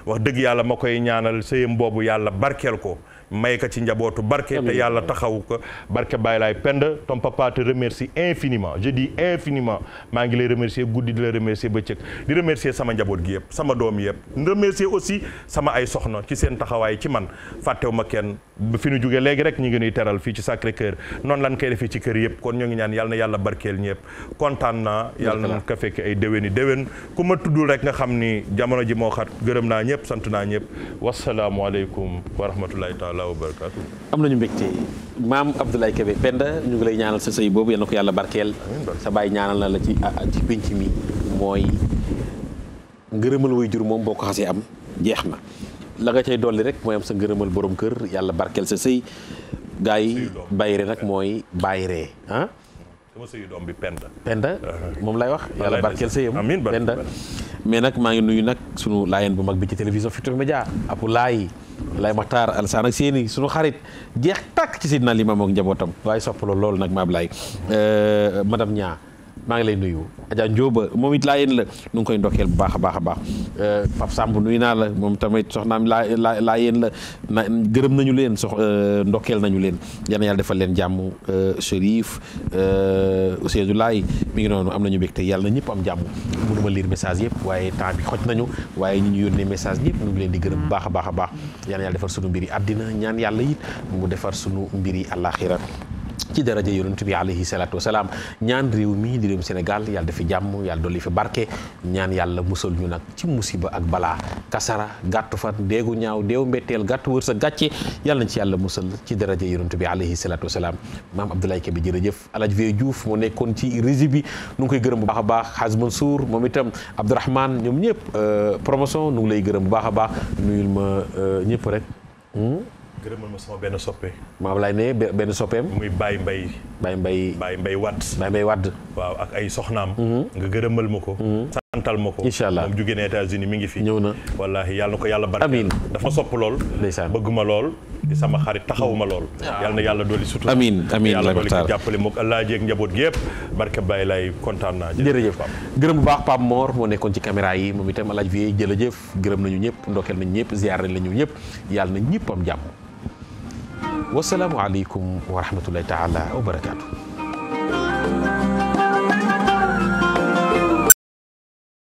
wax dëgg yàlla ma koy ñaanal sëyam boobu yàlla barkeel ko may ko ci njabootu barke te yàlla taxawu ko barke Baye Laye Penda ton papa te remercie infiniment je dis infiniment maa ngi lay remercier guddi di la remercier bëccëg di remercier sama njaboot gi yëpp sama doom yëpp remercier aussi sama ay soxna ci seen taxawaay ci man fàttewu ma kenn fi ñu jógee léegi rek ñu ngi nuy teral fii ci Sacré Cœur noonu lan koy defee ci kër yëpp kon ñoo ngi ñaan yàlla na yàlla barkeel ñëpp kontaan naa yàlla na ko fekk ay déwéni déwén ku ma tuddul rek nga xam ni jamono ji moo xat gërëm naa ñëpp sant naa ñëpp wasalaamualeykum wa rahmatullahi taala rahmatullaahi wa barakaatu. am nañu mbégte maam Abdoulaye Kébé Penda ñu ngi lay ñaanal sa sëy boobu yal ko yàlla barkeel. sa baay ñaanal na la ci ah, ci pénc mi mooy ngërëmal way jur moom boo ko xasee am jeex na la nga cay dolli rek mooy am sa ngërëmal boroom kër yàlla barkeel sa sëy gaa yi bayre nag mooy bayree ah. sama sëyu doom bi Penda. Penda moom laay wax yàlla barkeel sëyam amiin Penda mais nag maa ngi nuyu nag sunu laayeen bu mag bi ci télévision Futurs Médias apu laay lay Maxtaar Alsaan ak seeni sunu xarit jeex tàkk ci Seydina Limaamu ak njabootam waaye soppaloo loolu nag ma Ablaye euh, madame ñaa maa ngi lay nuyu Adja Ndioba moom it yen la nu ngi koy ndokkeel bu baax a baax a baax euh, Pape Samb nuyu naa la moom tamit soxnaam laa laa laayeen la na gërëm nañu leen sox euh, ndokkeel nañu leen yal na yàlla defal leen jàmm euh, Chérif Ousseynou Laay mi ngi noonu am nañu mbégte yàlla na ñëpp am jàmm mënuma message yëpp waaye temps bi xoj nañu waaye ñu ñu yónnee message ñëpp ñu ngi leen di gërëm bu baax a baax a baax yal na yàlla defar sunu mbir àddina ñaan yàlla it mu defar sunu mbir yi àllaaxira ci daraja yonent bi alayhi salaatu salaam ñaan réew mi di réewum Sénégal yàlla dafi jàmm yàlla dolli fi barke ñaan yàlla musal ñu nag ci musiba ak balaa kasara gàttu fan déegu ñaaw déew mbetteel gàtt wër sa gàcce yàlla nañ ci yàlla musal ci daraja yonent bi alayhi salaatu wasalaam maam Abdoulaye Kébé jërëjëf Alaj Vieux Diouf moo nekkoon ci régie bi nu ngi koy gërëm bu baax a baax Haj Mansour moom itam Abdourahmane ñoom ñëpp euh, promotion nu ngi lay gërëm bu baax a baax nuyul ma euh, ñëpp rek hmm? gërëmal ma sama benn soppe. maam laay ne benn soppeem. muy Baye Mbaye. Baye Mbaye Baye Mbaye Wade. Baye Mbaye Wade. waaw ak ay soxnaam. Mm-hmm. nga gërëmal ma ko. Mm-hmm. santal ma ko. incha allah moom jugee na États-Unis ngi fi. ñëw na wallaahi yàlla na ko yàlla barkeel. amiin dafa sopp lool. ndeysaan bëgg lool. sama xarit taxaw lool. Mm-hmm. yàlla na yàlla dolli sutura. amiin amiin yàlla dolli ko jàppale moom allah jeeg njaboot gi barke Baye laay kontaan naa. jërëjëf Pape gërëm bu baax Pape Mor moo nekkoon ci caméra yi moom itam El jël Vieye jërëjëf gërëm nañu ñëpp ndokkeel nañu ñëpp ziar nañu ñëpp yàlla na ñëpp am wasalaamu aleykum wa rahmatullahi taala wa barakaatu.